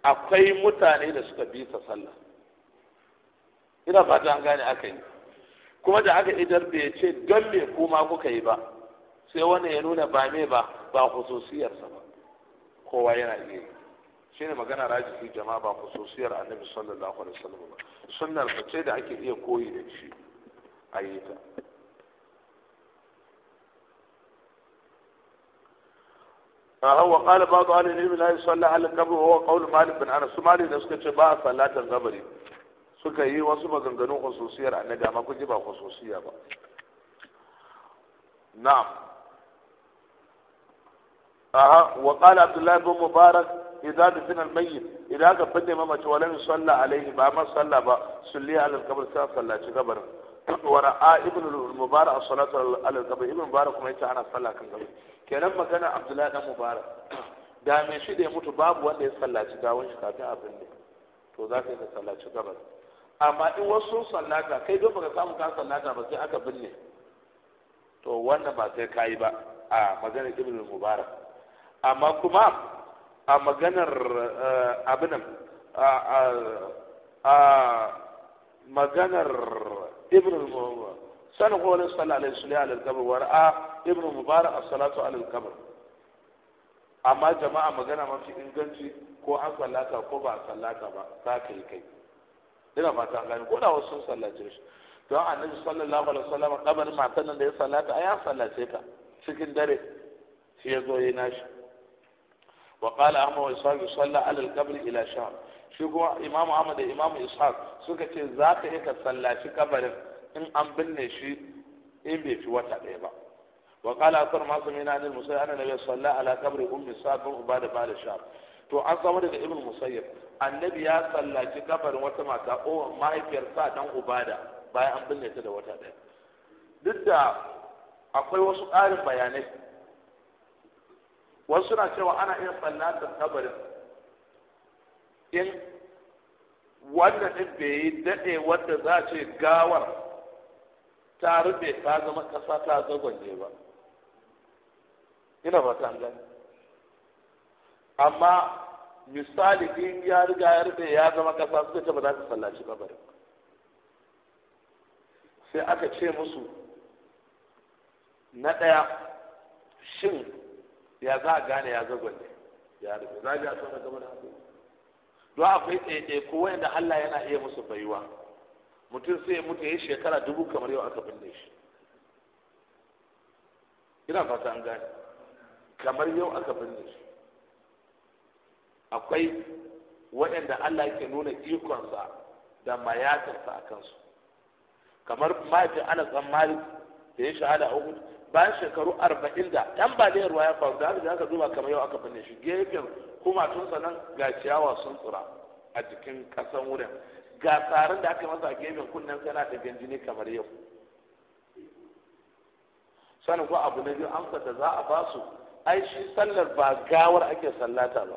akwai mutane da suka bi ta sallah ina ba an gane aka yi kuma da aka idar ya ce don me kuma kuka yi ba sai wannan ya nuna ba me ba ba hususiyarsa ba kowa yana iya yi shi ne magana rajihi jama'a ba khususiyar annabi sallallahu alaihi wasallam ba sunnar ce da ake iya koyi da shi a yi ta هو قال بعض اهل العلم لا يصلى على القبر وهو قول مالك بن انس مالك da suka ce ba a sallatar kabari suka yi wasu maganganun khususiyar annabi amma kun ji ba khususiya ba na'am aha wa qala abdullah ibn mubarak idza dafina al-mayyit idza ka fadde ma mace walan salla alayhi ba ma salla ba sulli ala al-qabr sa ci kabarin wa ra'a ibn al-mubarak as-salatu ala al-qabr ibn mubarak kuma yace ana salla kan kabari kenan magana abdullahi dan mubarak da me shi da ya mutu babu wanda ya sallaci gawon shi kafin abin ne to za ka yi ka sallaci gabas amma in wasu sun sallata kai don baka samu ka sallata ba sai aka binne to wannan ba sai kayi ba a maganar ibn mubarak amma kuma a maganar eh, abin, a maganar ibn mubarak sani ko wani sallah alaihi sulai alal kabar wa ra'a ibn mubarak as-salatu alal amma jama'a magana mafi inganci ko an sallata ko ba sallata ba za ka yi kai ina fata an gani ko da wasu sun sallace shi don annabi sallallahu alaihi wasallam kabarin matan nan da ya sallata a ya sallace ka cikin dare shi ya zo yi nashi wa qala ahmad wa ishaq yusalla ala al-qabr ila shahr shi kuma imamu ahmad da imamu ishaq suka ce za ka yi ka sallaci kabarin in an binne shi in bai fi wata ɗaya ba wa qala masu ma sami'na anil musayyib anna nabiy sallallahu ala qabri ummi sa'dun ubada ba'da sha to an samu daga ibn musayyib annabi ya sallaci kafarin wata mata o mahaifiyar sa dan ubada bayan an binne ta da wata ɗaya duk da akwai wasu ƙarin bayanai wasu suna cewa ana iya sallatar kabarin in wanda ɗin bai yi daɗe wanda za a ce gawar ta rufe ta zama kasa ta zagwaje ba ina fata ta gani amma misali din ya riga ya rufe ya zama kasa suka ce ba za su sallaci ba bari sai aka ce musu na ɗaya shin ya za a gane ya zagwaje ya rufe za a ji a na gaba da haɗu, don akwai ɗaiɗaiku wanda Allah yana iya musu baiwa mutum sai ya mutu ya yi shekara dubu kamar yau aka binne shi ina fata an gane kamar yau aka binne shi akwai waɗanda Allah yake nuna ikonsa da mayatarsa a kansu kamar mahaifin ana ɗan Malik da ya shahada a Uhud bayan shekaru arba'in da ɗan baliyar ya faru da haka aka duba kamar yau aka binne shi gefen kuma tun nan ga ciyawa sun tsira a jikin ƙasan wurin ga tsarin da aka masa a gefen kunnen sai na ɗagen jini kamar yau sanin ko abu na biyu amsa da za a ba su ai shi sallar ba gawar ake sallata ba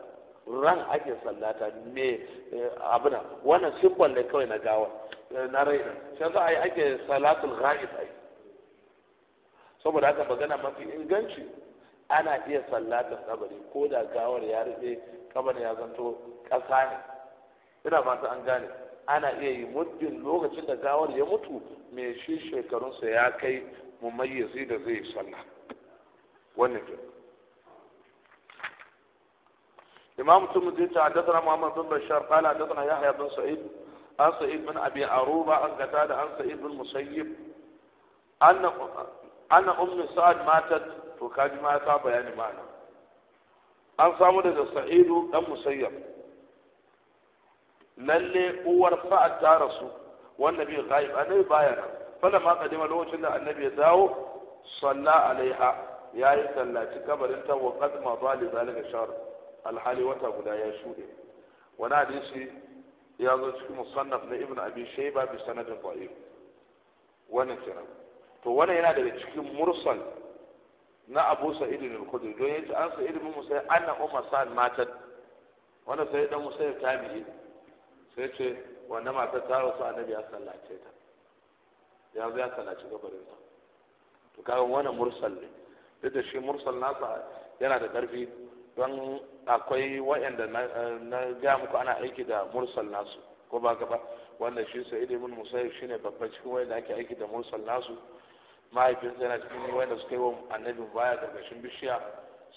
ran ake sallata me eh, abuna wannan simbol ne kawai na gawar eh, na raina sai za a yi ake salatul ra'id ai saboda haka magana mafi inganci ana iya sallatar kabari ko da gawar ya rufe kabarin ya zanto ƙasa ne ina fata an gane ana iya yi muddin lokacin da gawar ya mutu mai shi shekarunsa ya kai mumayyazi da zai sallah wannan ke imam mutum ta ce haddasa muhammad bin bashar qala haddasa yahya bin sa'id an sa'id bin abi aruba an da an sa'id bin musayyib anna anna sa'ad matat to kaji ma bayani ma'ana an samu daga sa'idu dan musayyab lalle uwar fa'ad ta rasu wannan bi ghaib annabi baya nan fala ma kadima lokacin da annabi ya dawo salla alaiha yayi sallaci kabarin ta wa qad ma zali zalika shahr alhali wata guda ya shude wani hadisi ya zo cikin musannaf na ibn abi shayba bi sanadin da'if wannan kenan to wannan yana daga cikin mursal na abu sa'id al-khudri don yace an sa'id bin musayyib anna umma sa'ad matat wannan sai dan musayyib tabi'i sai ce wanda matar ta rasu annabi ya sallace ta ya zo sallace gabarin gabarinta to kawo wani mursal ne duk da shi mursal nasa yana da ƙarfi don akwai waɗanda na ga muku ana aiki da mursal nasu ko ba gaba wanda shi sai mun musayi shine babban cikin da ake aiki da mursal nasu mahaifinsa yana cikin da suka yi wa annabi baya gargashin bishiya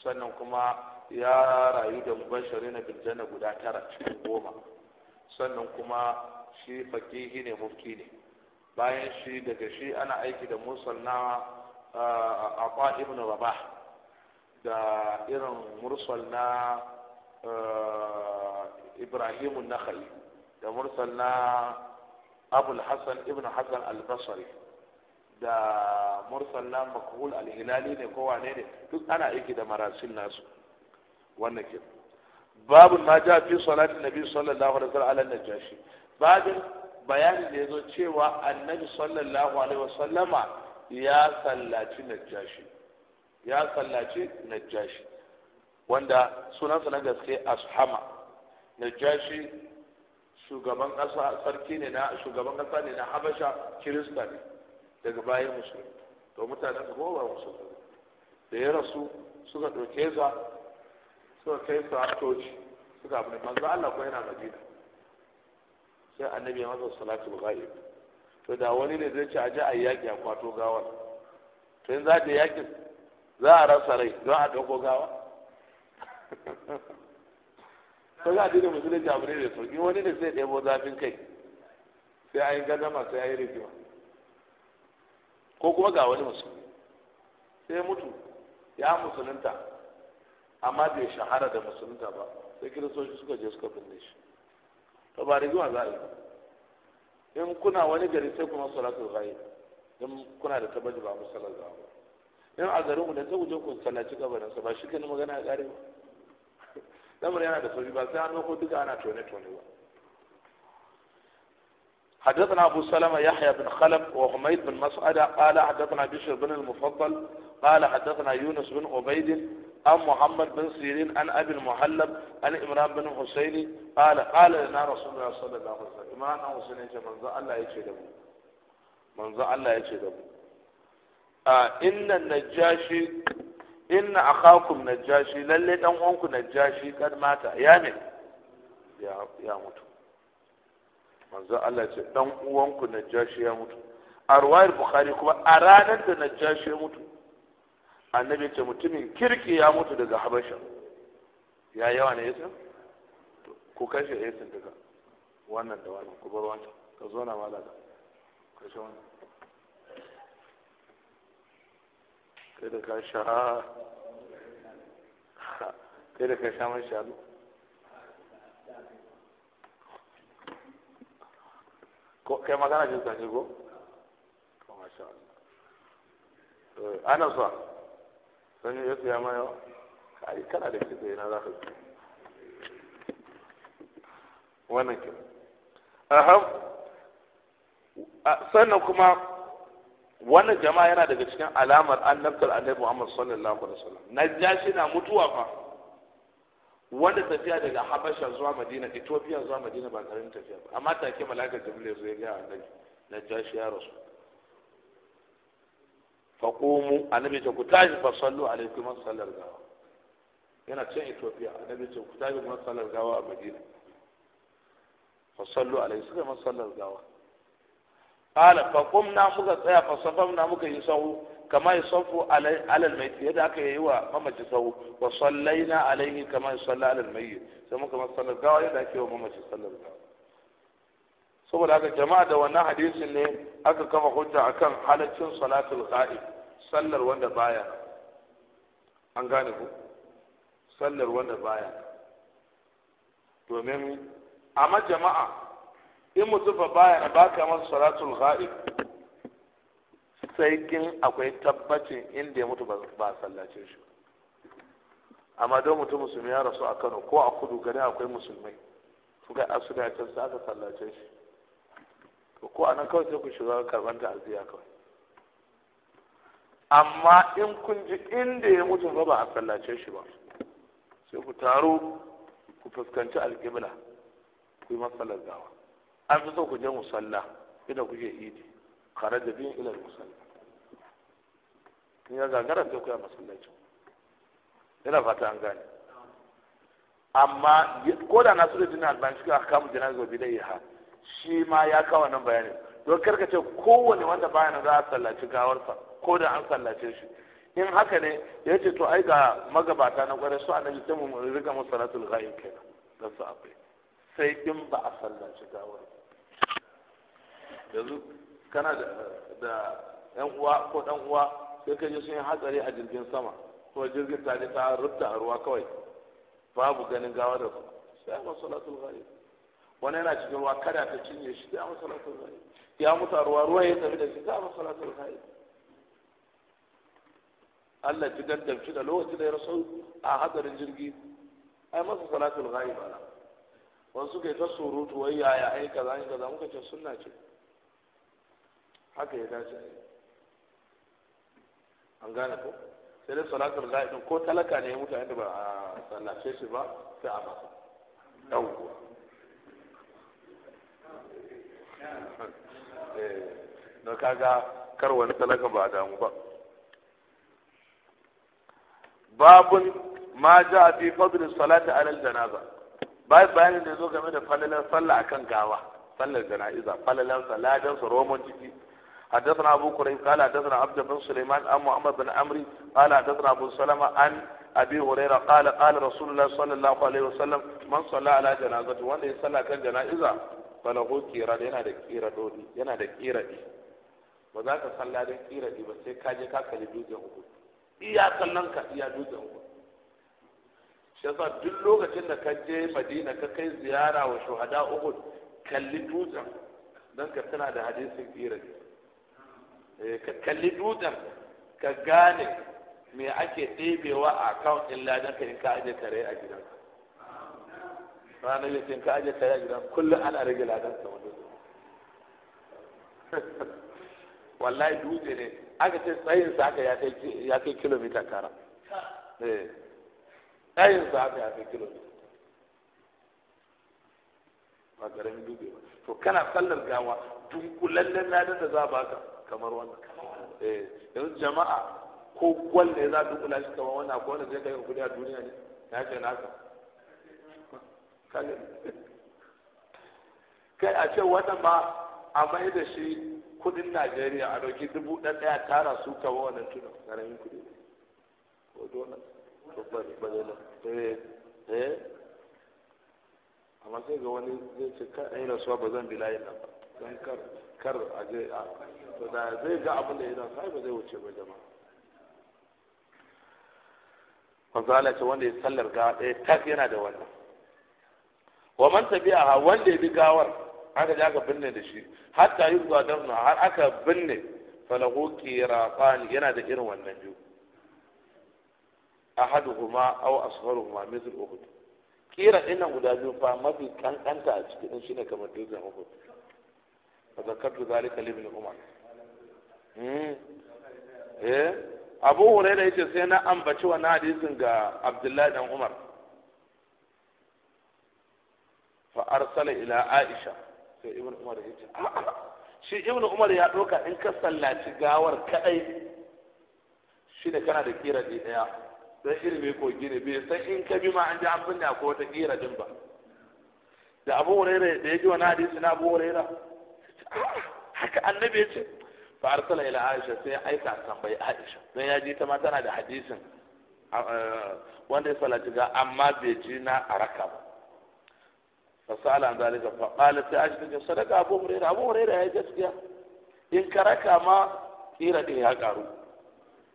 sannan kuma ya rayu da mubashari na biljanna guda tara cikin goma sannan kuma shi fakihi ne mufti ne bayan shi daga shi ana aiki da mursal na aqwa ibn rabah da irin mursal na ibrahim an da mursal na abul hassan ibn hassan al-basri da mursal na makhul al-hilali ne ko wane ne duk ana aiki da marasil nasu wannan kenan babu ma ja fi salatin nabi sallallahu alaihi wasallam ala najashi babu bayanin da yazo cewa annabi sallallahu alaihi wasallama ya sallaci najashi ya sallaci najashi wanda sunansa na gaske ashama najashi shugaban ƙasa sarki ne na shugaban ƙasa ne na habasha kirista ne daga bayan musulmi to mutanen su ba musulmi da ya rasu suka ɗauke sa suka kai su har coci suka abu manzo Allah ko yana madina sai annabi ya masa salatu ghaib to da wani ne zai ce aje a yaki a kwato gawa to in za ta yaki za a rasa rai don a dauko gawa ko za a dina musulunci abu ne da sauki wani ne zai ɗebo zafin kai sai a yi gazama sai a yi rigima ko kuma ga wani musulmi sai mutu ya musulunta amma bai shahara da musulunta ba sai kiristoci suka je suka binne shi to ba rigima za a yi in kuna wani gari sai kuma salatu ghaib in kuna da tabbaci ba musallar za ba in a garin da ta wuce ku sallaci gabarin sa ba shi kenan magana ya kare ba lamar yana da sauri ba sai an ko duka ana tone tone ba حدثنا أبو سلمة يحيى بن خلف وحميد بن مسعدة قال حدثنا بشر بن المفضل قال حدثنا يونس بن عبيد عن محمد بن سيرين عن أبي المحلب عن إمران بن حسين قال قال لنا رسول الله صلى الله عليه وسلم إمران بن حسين يجي منزع الله يجي دمو منزع الله يجي دمو آه إن النجاشي إن أخاكم نجاشي للي دمونكم نجاشي قد مات يا من يا يا موت منزع الله يجي دمونكم نجاشي يا موت أرواي البخاري كما أرانا نجاشي يا موت annabi ce mutumin kirki ya mutu daga habasha ya yawa ne yasan ku kashe yasan daga wannan da wannan ku bar wancan ka zo na da kashe wannan kai da ka sha kai da ka sha man shalu kai magana ce ta ko? Eh, Ana so. wani ya siya mayo yawa kai kana da kitse na za ka ji wannan ke aha sannan kuma wannan jama'a yana daga cikin alamar annabtar annabi Muhammad sallallahu alaihi wasallam najashi na mutuwa fa wanda tafiya daga Habasha zuwa Madina Ethiopia zuwa Madina ba karin tafiya ba amma take malaka Jibril zai zo ya ga annabi najashi ya rasu fa qumu annabi ce ku tashi fa sallu alaikum masallar gawa yana can Ethiopia a ce ku tashi masallar gawa a Madina fa sallu alaihi suka masa gawa qala fa qumna muka tsaya fa na muka yi sahu kama yusafu alal mayyit yadda aka yi wa mamaci sahu wa na alaihi kama yusalla alal mayyit sai muka masallar gawa yadda ake wa mamaci sallar gawa saboda haka jama'a da wannan hadisin ne aka kafa hujja akan halaccin salatul qa'im sallar wanda baya an gane ku sallar wanda baya domin amma jama'a in mutum ba baya ba ka masa salatul qa'im sai kin akwai tabbacin inda ya mutu ba sallace shi amma don mutum musulmi ya rasu a Kano ko a kudu gari akwai musulmai suka asuda ta aka sallace shi to ko anan kawai sai ku shiga karban ta'aziyya kawai amma in kun ji inda ya mutu ba ba a sallace shi ba sai ku taru ku fuskanci alƙibla ku yi masallar gawa an fi so ku je musalla inda kuke idi kare da bin ilar musalla in ya gagara sai ku yi masallacin ina fata an gane amma ko da su da jini albanci a kamun jana'izo bidai ya haɗu shi ma ya kawo wannan bayanin don karka ce kowane wanda baya nan za a sallaci gawarsa ko da an sallace shi in haka ne ya ce to ai ga magabata na kwarai su annabi sai mu riga mu salatul ghaib kenan da su akwai sai in ba a sallaci gawar yanzu kana da da yan uwa ko dan uwa sai ka ji sun yi hatsari a jirgin sama ko jirgin ta ta rubta a ruwa kawai babu ganin gawar da su sai ma salatul ghaib wani yana cikin ruwa kada ta cinye shi ya masa salatul ghaib ya mutu a ruwa ruwa ya tafi da shi ta masa salatul ghaib Allah ji gandamci da lokacin da ya rasu a hadarin jirgi ai masa salatul na wani wasu kai ta surutu wai yaya ai kaza ai kaza muka ce sunna ce haka ya dace an gane ko sai dai salatul ghaib ko talaka ne ya mutu ba a sallace shi ba sai a masa yawwa Eh, na kaga kar wani talaka ba damu ba babun ma ja fi fadl salati ala janaza Ba bayanin da zo game da falalan sallah akan gawa sallar janaiza falalan dan su roman ciki حدثنا أبو كريم قال حدثنا عبد بن سليمان عن محمد بن عمري قال حدثنا أبو سلمة عن أبي هريرة قال قال رسول الله صلى الله عليه وسلم من صلى على جنازته وأن صلى كان falahu kirad yana da dodi yana da di ba za ka salla kira di ba sai ka je ka kalli dutsen uku iya kallon ka iya dutsen uku shi yasa duk lokacin da ka je madina ka kai ziyara wa shuhada uku kalli dutsen don ka tana da hadisin kiradi eh, ka kalli dutsen ka gane me ake ɗebewa a account ɗin ladan ka in ka aje kare a gidanka ranar litin ka aje kaya gidan kullum ana rage ladan sa wani wallahi dutse ne aka ce tsayin sa eh. aka ya kai kilomita kara tsayin sa aka ya kai kilomita ba karamin dutse ba to kana sallar gawa dunkulallen ladan da za ba ka kamar wannan eh. yanzu jama'a ko gwal ne za a dunkula shi kamar wannan ko wanda zai kai kuɗi a duniya ne ya ce naka kai a ce wannan ba a mai da shi kudin najeriya a dauki dubu ɗan ɗaya tara su kama wannan tunan ƙaramin kudi ko dole to ba ba zai eh, eh amma sai ga wani zai ce kar ai rasuwa ba zan bi layin nan ba zan kar kar a je a to da zai ga abin da ya dan sai ba zai wuce ba jama'a wanzu ala ce wanda ya sallar ga ɗaya tak yana da wannan wa man tabi'aha wanda ya bi gawar aka je aka binne da shi hatta yi yuzwa dafna har aka binne falahu qiratan yana da irin wannan biyu ahaduhuma aw asgharuhuma mithl uhud kira ina guda biyu fa mafi kankanta a cikin shine kamar dutsen uhud zalika li ibn umar hmm. eh abu hurairah yace sai na ambaci wannan hadisin ga abdullahi dan umar fa arsala ila aisha sai ibn umar ya ce shi ibn umar ya doka in ka sallaci gawar kadai shi ne kana da kira ne daya dan ilimi ko gine bai san in ka bi ma an ji an da ko wata kira din ba da abu hurairah da ya ji wani hadisi na abu hurairah haka annabi ya ce fa arsala ila aisha sai ya aika tambayi aisha don ya ji ta ma tana da hadisin wanda ya sallaci ga amma bai ji na araka ba fasala an zalika fa qala ta ajin ka sadaka abu huraira abu huraira ya gaskiya in karaka ma kira din ya karu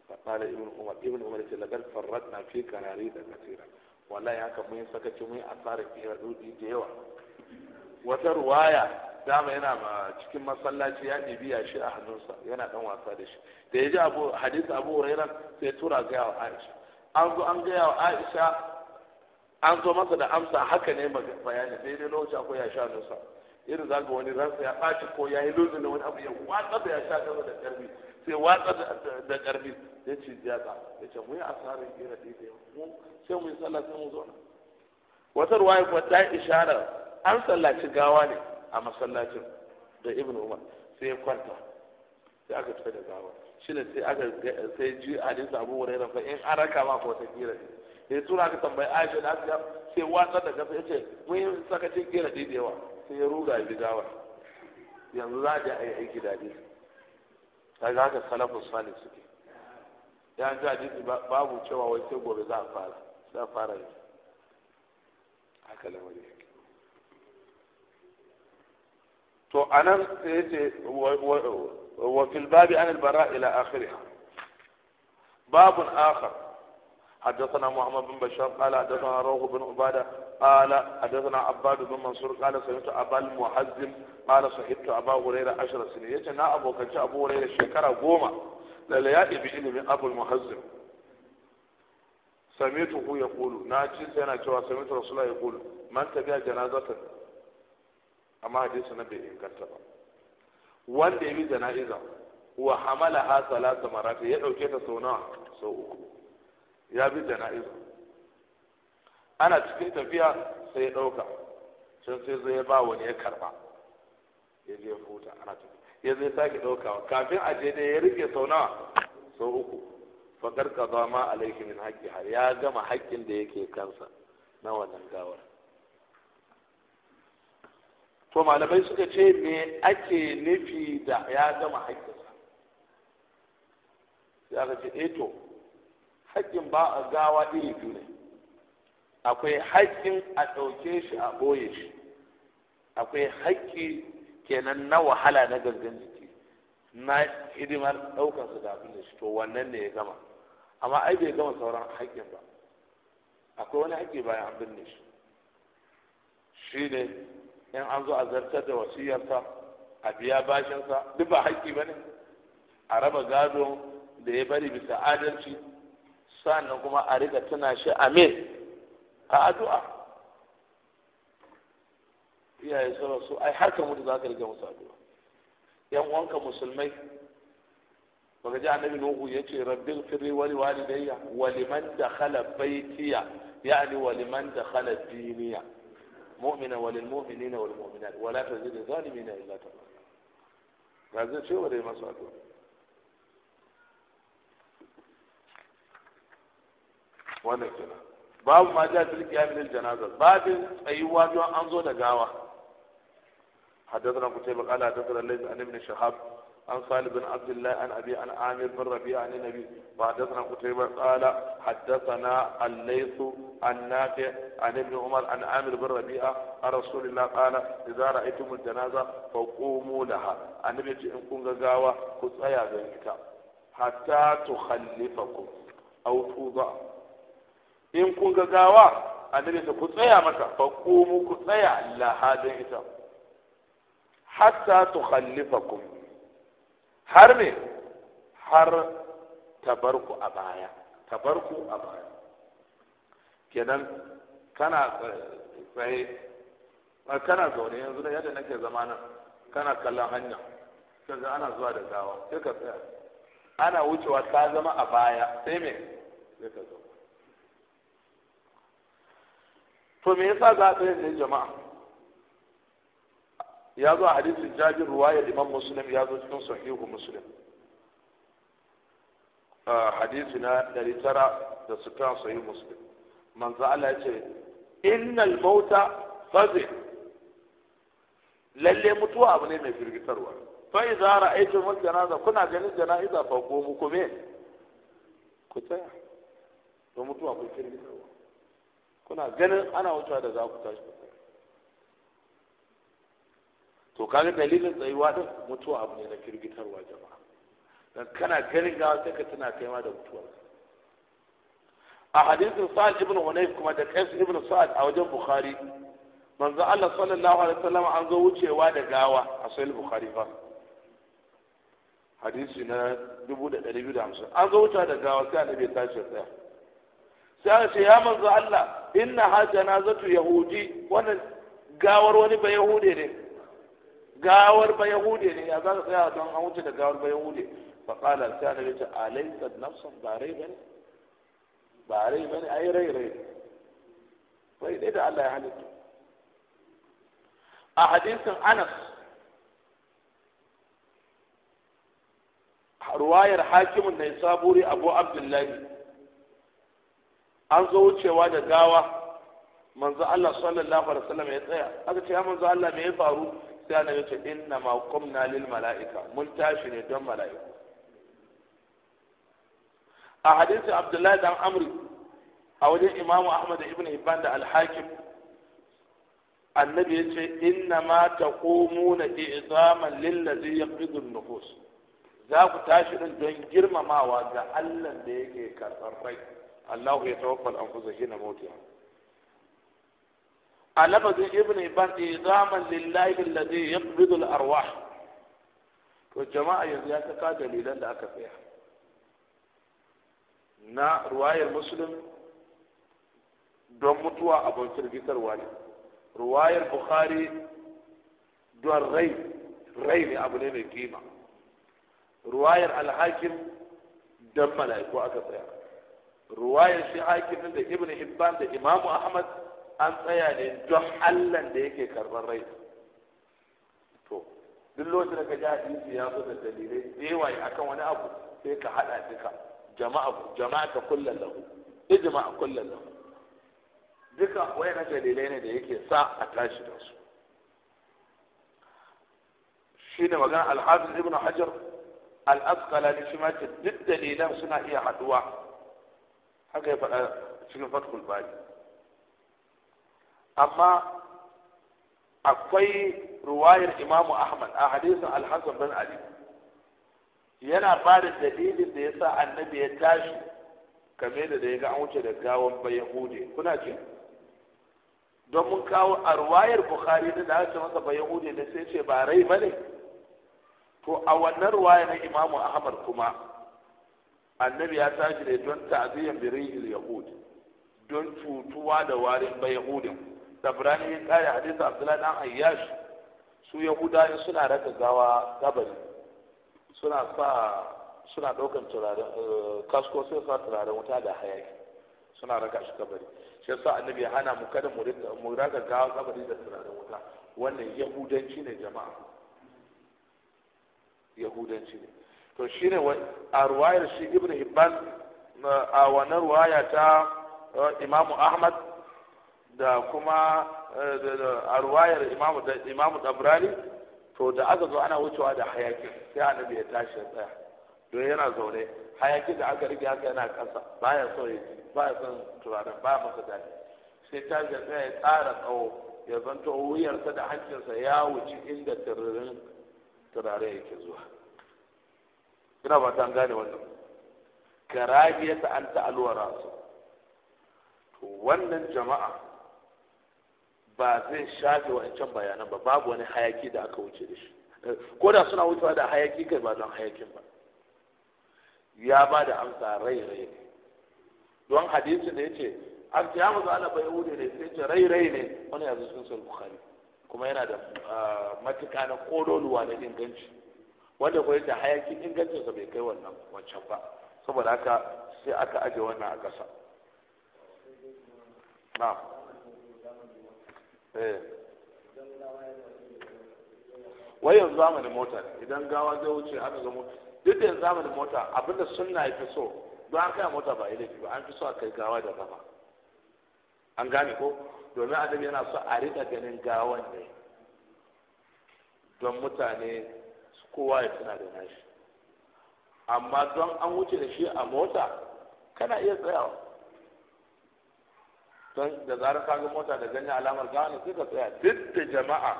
fa qala ibn umar ibn umar ce lagar farratna fi karari da kasira wallahi haka mun saka ci mun a asara fi rudi da yawa wata ruwaya dama yana ba cikin masallaci ya ɗibi ya shi a hannunsa yana dan wasa da shi da ya ji hadisi abu hurairah sai tura ga ya Aisha an zo an ga Aisha an zo masa da amsa haka ne bayani sai dai lokaci akwai ya sha nusa irin za ga wani ransa ya ɓaci ko ya yi lozin da wani abu ya watsa da ya sha nusa da ƙarfi sai watsa da ƙarfi ya ce jiyata ya ce mu yi asarar kira daidai mu sai mu yi sallah sai mu zo na wata ruwaya kuma ta yi isharar an sallaci gawa ne a masallacin da ibn umar sai ya kwanta sai aka tafi da gawa shi ne sai aka sai ji hadisi abu hurairah fa in an raka ma ko ta kira ne sai ya tura ka tambayi aisha da asiya sai watsa da kasa ya ce mun yi sakacin kera da yawa sai ya ruga ya bi gawar yanzu za a je a yi aiki da hadisi kaga haka salafus salih suke ya ji hadisi babu cewa wai sai gobe za a fara za a fara yi haka lamari to anan sai ya ce wa fil babi an al bara ila akhirih babun akhar حدثنا محمد بن بشار قال حدثنا روح بن عبادة قال حدثنا عباد بن منصور قال سمعت أبا المحزم قال صحبت أبا هريرة عشر سنين يتنا أبو كنت أبو هريرة شكرا قوما لليائي بإلم أبو المحزم سمعته يقول ناجي سينا جوا سمعت رسول الله يقول من تبع جنازة أما حديث نبي إن كتب وان دي بجنائزة وحملها ثلاث مرات يدعو كيف سونا سوء ya bi jana'iza ana cikin tafiya sai ya ɗauka can sai zai ya ba wani ya karba ya je futa ana tafi ya zai sake ɗaukawa kafin a je da ya rike sau nawa sau uku fakar ka zama alaihi min haƙƙi har ya gama haƙƙin da yake kansa na wannan gawar to malamai suka ce me ake nufi da ya gama haƙƙinsa ya ka ce eto eh haƙƙin ba a gawa iri biyu ne akwai haƙƙin a ɗauke shi a ɓoye shi akwai haƙƙi kenan na wahala na gangan jiki na hidimar ɗaukar su da abin da shi to wannan ne ya gama amma ai bai gama sauran haƙƙin ba akwai wani haƙƙi bayan abin binne shi shi ne in an zo a zartar da wasiyarsa a biya bashinsa duk ba haƙƙi ba ne a raba gado da ya bari bisa adalci sannan kuma a riga tuna shi amin a addu'a iyaye sauran su ai har ka mutu za ka riga musu addu'a yan uwanka musulmai baka ji annabi nuhu ya ce rabbil firri wali walidayya waliman dakhala baitiya yani waliman dakhala diniya mu'mina lil mu'minina wal mu'minat wala tazidu zalimina illa tabara ga zai ce wa dai masu addu'a wannan kenan babu ma ja fil qiyam lil janaza babin tsayuwa don an zo da gawa حدثنا قتيبة قال حدثنا الليث عن ابن شهاب عن صالح بن عبد الله عن ابي عن عامر بن ربيعه عن النبي وحدثنا قتيبة قال حدثنا الليث عن نافع عن ابن عمر عن عامر بن ربيعه عن رسول الله قال اذا رايتم الجنازه فقوموا لها النبي ان كن غاوا كتسيا غيرك حتى تخلفكم او توضع in kun ga gawa annabi sa ku tsaya mata fa mu ku tsaya lahadin ita hatta tukhallifakum har me har tabarku a baya tabarku a baya kenan kana eh, tsaye kana zaune yanzu da yadda nake zama nan kana kallon hanya kaga ana zuwa da gawa sai ka tsaya ana wucewa ta zama a baya sai me sai ka zo to me yasa za ta ne jama'a ya zo a hadisin jabir ruwayar imam muslim ya zo cikin sahihu muslim hadisi na tara da kan sahihu muslim manzo Allah ya ce innal mauta fazi lalle mutuwa abu ne mai firgitarwa fa idza ra'aytum al janaza kuna ganin jana'iza fa ko mu ku ku tsaya to mutuwa ku firgitarwa kuna ganin ana wuta da za ku tashi ku tsaya to kaga dalilin tsayuwa din mutuwa abu ne na firgitarwa jama'a dan kana ganin gawa sai ka tuna kai ma da mutuwa a hadisin sa'ad ibn hunayf kuma da qais ibn sa'ad a wajen bukhari manzo Allah sallallahu alaihi wasallam an zo wucewa da gawa a sahih bukhari fa hadisi na 2250 an zo wucewa da gawa sai annabi ya tashi tsaya sai ya ce ya manzo Allah inna ha janazatu yahudi wannan gawar wani ba yahude ne gawar ba yahude ne ya za ka tsaya don an wuce da gawar ba yahude fa qala sai annabi ta alaysa nafsan ba rai bane ba rai bane ai rai rai rai dai da Allah ya halitta a hadisin Anas ruwayar hakimin da ya abu abdullahi an zo wucewa da gawa manzo Allah sallallahu alaihi wasallam ya tsaya aka ce ya manzo Allah me ya faru sai ya ce inna ma qumna lil malaika mun tashi ne don mala'ika. a hadisi Abdullahi dan Amri a wajen Imam Ahmad ibn Hibban da Al-Hakim annabi ya ce inna ma taqumuna i'zaman lil ladhi yaqbidu an-nufus za ku tashi din don girmamawa ga Allah da yake karɓar rai Allahu ya tawaffal anfusa hina mautiha a lafazin ibn ibn izaman lillahi alladhi yaqbidu al-arwah to jama'a yanzu ya saka dalilan da aka tsaya na ruwayar muslim don mutuwa a abin firgitarwa ne ruwayar bukhari don rai rai ne abu ne mai kima ruwayar alhakin don mala'iku aka tsaya ruwayar shi hakimin da ibn hibban da imamu ahmad an tsaya ne don allan da yake karɓar rai to duk lokacin da ka ji hadisi ya zo da dalilai da yawa akan wani abu sai ka haɗa duka jama'a jama'a ka kullum lahu ijma'a kullum lahu duka wayannan dalilai ne da yake sa a tashi da su shine magana al-hafiz ibn hajar al-asqalani shi ma duk dalilan suna iya haduwa haka ya faɗa cikin fatkul bari amma akwai ruwayar imamu ahmad a hadisin alhassan bin ali yana ba da dalilin da ya sa annabi ya tashi kame da ya ga an wuce da gawon bayan hude kuna ce don mun kawo a ruwayar bukhari da da aka masa bayan hude da sai ce ba rai ba ne to a wannan ruwayar na imamu ahmad kuma annabi ya tashi ne don ta'ziyan bi rihil yahud don cutuwa da warin bai yahudin tabrani ya kare hadisi abdullahi dan ayyash su yahudawa suna raka gawa kabari suna sa suna daukan turaren eh, kasko sai sa turaren wuta da hayaki suna raka shi kabari shi yasa annabi ya hana mu kada mu raka gawa kabari da turaren wuta wannan yahudanci ne jama'a yahudanci ne to shi ne a ruwayar shi ibn hibban a wannan ruwaya ta uh, imamu ahmad da kuma uh, a ruwayar imamu dabrani to da aka zo ana wucewa da hayaki sai annabi ya tashi ya tsaya to yana zaune hayaki da aka rike haka yana kasa baya so ya baya son turaren baya masa dadi sai ta ya tsaya ya tsara tsawo ya zanto wuyarsa da hancinsa ya wuce inda turaren turare yake zuwa ina ba ta gane wannan karahiyata an ta'alwara su to wannan jama'a ba zai shafe wancan bayanan ba babu wani hayaki da aka wuce da shi ko da suna wucewa da hayaki kai ba don hayakin ba ya ba da amsa rai rai ne don hadisi da yace, an ya mu zala bai wuce ne sai ce rai rai ne wani yanzu sun sai bukari kuma yana da ah, matuka na kodoluwa na inganci wanda kuwa da hayakin ingancinsa bai kai wannan wancan ba saboda haka sai aka aje wannan a ƙasa na eh. wai yanzu zamani mota ne idan gawa zai wuce aka zama duk da yanzu zamanin mota abinda suna ya fi so don an kai mota ba ilimi ba an fi so a kai gawa da gama. an gane ko domin adam yana so a rika ganin gawan ne don mutane kowa ya tana da nashi amma don an wuce da shi a mota kana iya tsayawa don da zarar ka ga mota da ganin alamar gane sai ka tsaya duk da jama'a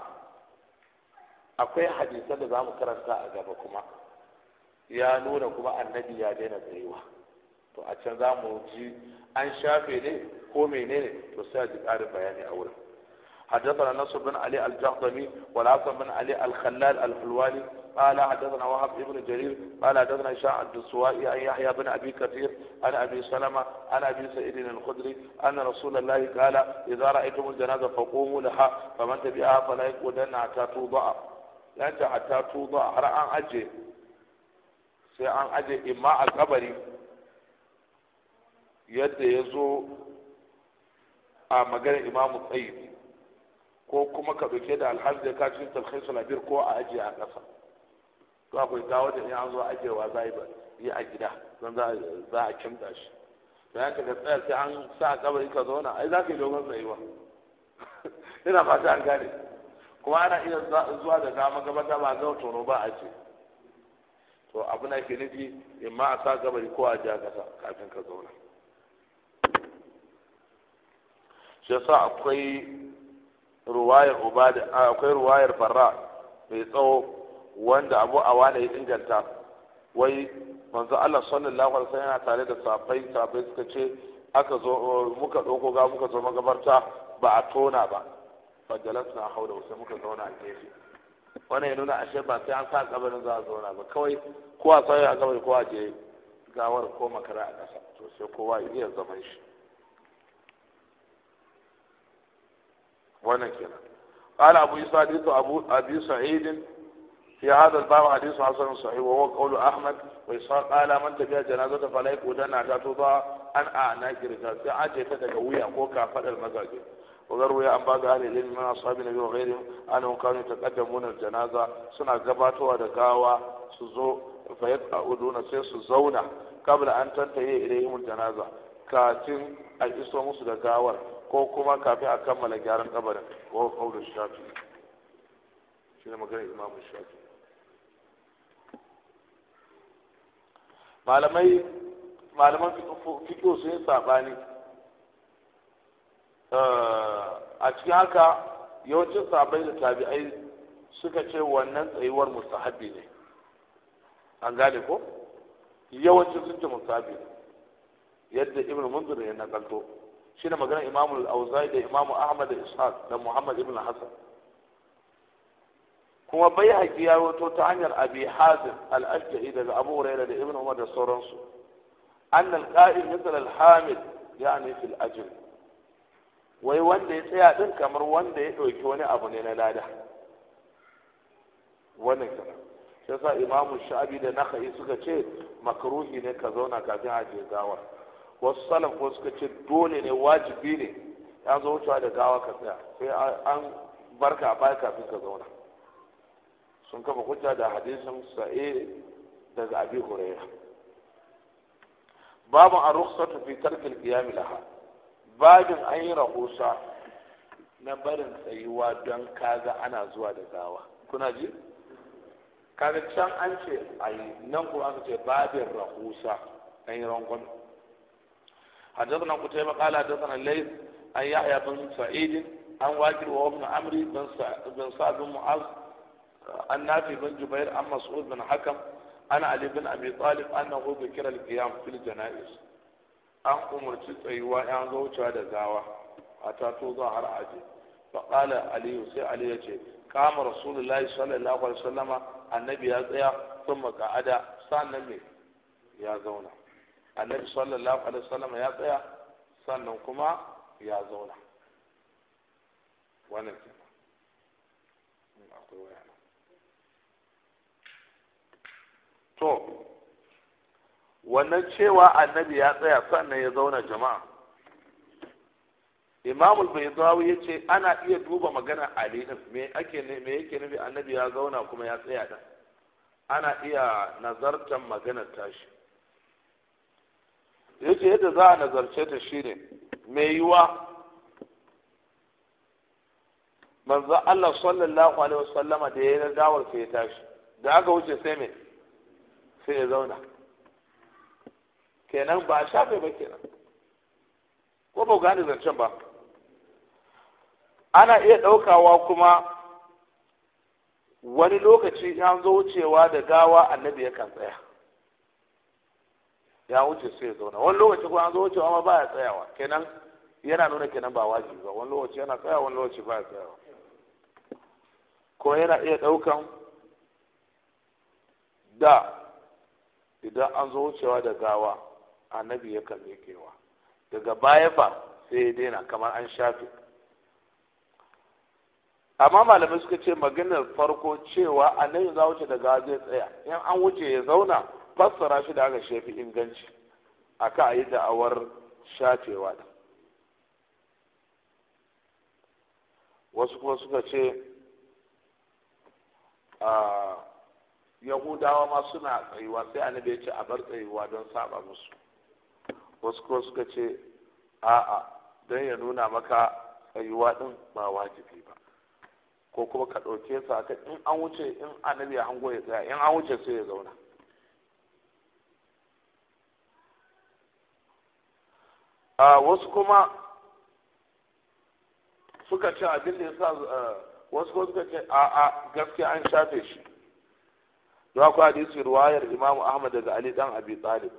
akwai hadisan da za mu karanta a gaba kuma ya nuna kuma annabi ya daina tsayuwa to a can za mu ji an shafe ne ko menene to sai a ji ƙarin bayani a wurin حدثنا نصر بن علي الجهضمي والعاصم بن علي الخلال الحلواني قال حدثنا وهب بن جرير قال حدثنا شعب السوائي عن يحيى بن ابي كثير عن ابي سلمه عن ابي سعيد الخدري ان رسول الله قال اذا رايتم الجنازه فقوموا لها فمن تبعها فلا يقودن حتى توضع لن حتى توضع har an aje sai an aje imma a kabari yadda ya zo a maganar imamu tsayi ko kuma ka dauke da alhamdulillah cikin talhisul abir ko a ajiye a ƙasa to akwai gawa da in an zo ajewa za yi a gida don za a kimta shi to ya ka tsaya sai an sa kabari ka zauna ai za ka yi dogon tsayuwa ina fata an gane kuma ana iya zuwa da dama gabata ba ga tono ba a ce to abu na ke nufi in ma a sa gabari ko a ja kasa kafin ka zauna shi yasa akwai ruwayar ubada akwai ruwayar farra mai tsawo wanda abu awana ya inganta wai manzo Allah sallallahu alaihi wasallam yana tare da safai safai suka ce aka zo muka doko ga muka zo magabarta ba a tona ba fajalasna haula sai muka zauna a gefe wannan ya nuna ashe ba sai an sa kabarin za a zauna ba kawai ko a sauya a kabari ko a je gawar ko makara a kasa to sai kowa ya iya zaman shi wannan kenan قال أبو يسعد أبو أبي سعيد في هذا الباب حديث حسن صحيح وهو قول أحمد وإسحاق قال من تبع جنازته فلا يقودن حتى تضاع عن أعناق الرجال في عاجة تتقوي أو كافر المساجد وقالوا يا أنباء أهل العلم من أصحاب النبي وغيرهم أنهم كانوا يتقدمون الجنازة سنة قباتوا ودقاوة سزو فيتقعدون سيس الزونة قبل أن تنتهي إليهم الجنازة كاتم الإسلام مسلم قاور كوكما كافي أكمل جارن قبلا وهو قول الشافعي شنو مكان الإمام الشافعي malamai malaman fiƙo sun yi saɓani eh, a cikin haka yawancin sabai da tabi'ai suka ce wannan tsayuwar mustahabi ne an gane ko yawancin sun ce mustahabi ne yadda ibn munzir ya nakalto shi ne maganar imamul auzai da imamu ahmad da ishaq da muhammad ibn hasan kuma bai haƙi ya wato ta hanyar abi hazin al'ajja'i daga abu huraira da ibn umar da sauransu an alƙa'il misal alhamid ya ne fil ajin wai wanda ya tsaya din kamar wanda ya ɗauki wani abu ne na lada wannan kenan sai sa imamu sha'abi da naka'i suka ce makaruhi ne ka zauna kafin a je gawa wasu salaf ko suka ce dole ne wajibi ne ya zo wucewa da gawa ka tsaya sai an barka a baya kafin ka zauna sun kafa hujja da hadisin sa'e daga abi hurairah babu a rukhsatu fi tarkil qiyam laha babin an yi rahusa na barin tsayuwa don kaga ana zuwa da gawa kuna ji kaga can an ce ayi nan kuma aka ce babin rahusa an yi rangon حدثنا قتيبة قال حدثنا الليث عن يحيى بن سعيد عن واجد وهو ابن عمرو بن سعد بن معاذ an nafi ban jubair an mas'ud bin hakam an ali bin abi talib annahu dhikra al-qiyam fil janaiz an umarci tsayuwa yan zaucewa da gawa a ta har aje fa qala sai ali yace kama rasulullahi sallallahu alaihi wasallama annabi ya tsaya thumma qa'ada sannan me ya zauna annabi sallallahu alaihi wasallama ya tsaya sannan kuma ya zauna wannan kenan akwai waya to wannan cewa annabi ya tsaya sannan ya zauna jama'a imamul zawo ya ce ana iya duba magana ali din me yake nufi annabi ya zauna kuma ya tsaya da ana iya nazartar maganar tashi Ya ce yadda za a nazarce ta shine me yiwa manzo Allah sallallahu alaihi wasallama da ya yi gawar sai ya tashi da aka wuce sai me sai ya zauna kenan ba shafe ba kenan ko ba gane zancen ba ana iya ɗaukawa kuma wani lokaci ya zo wucewa da gawa annabi yakan tsaya ya wuce sai ya zauna wani lokaci kuma an zo wucewa ma ba ya tsayawa kenan yana nuna kenan ba wajibi ba wani lokaci yana tsayawa wani lokaci ba ya tsayawa ko yana iya ɗaukan da idan an zo wucewa da gawa annabi ya kalle kewa daga baya fa sai ya daina kamar an shafe amma malamai suka ce maganar farko cewa annabi za wuce da gawa zai tsaya in an wuce ya zauna fassara shi da aka shafi inganci aka a yi da'awar shafewa da wasu kuma suka ce a ah, yahudawa ma suna tsayuwa sai annabi ya ce a bar tsayuwa don saba musu wasu ko suka ce a'a don ya nuna maka tsayuwa din ba wajibi ba ko kuma ka ɗauke sa ka in an wuce in annabi ya hango ya tsaya in an wuce sai ya zauna a wasu kuma suka ce abin da ya sa eh, wasu kuma suka ce a'a gaskiya an shafe shi da akwai hadisi ruwayar Imam Ahmad daga Ali dan Abi Talib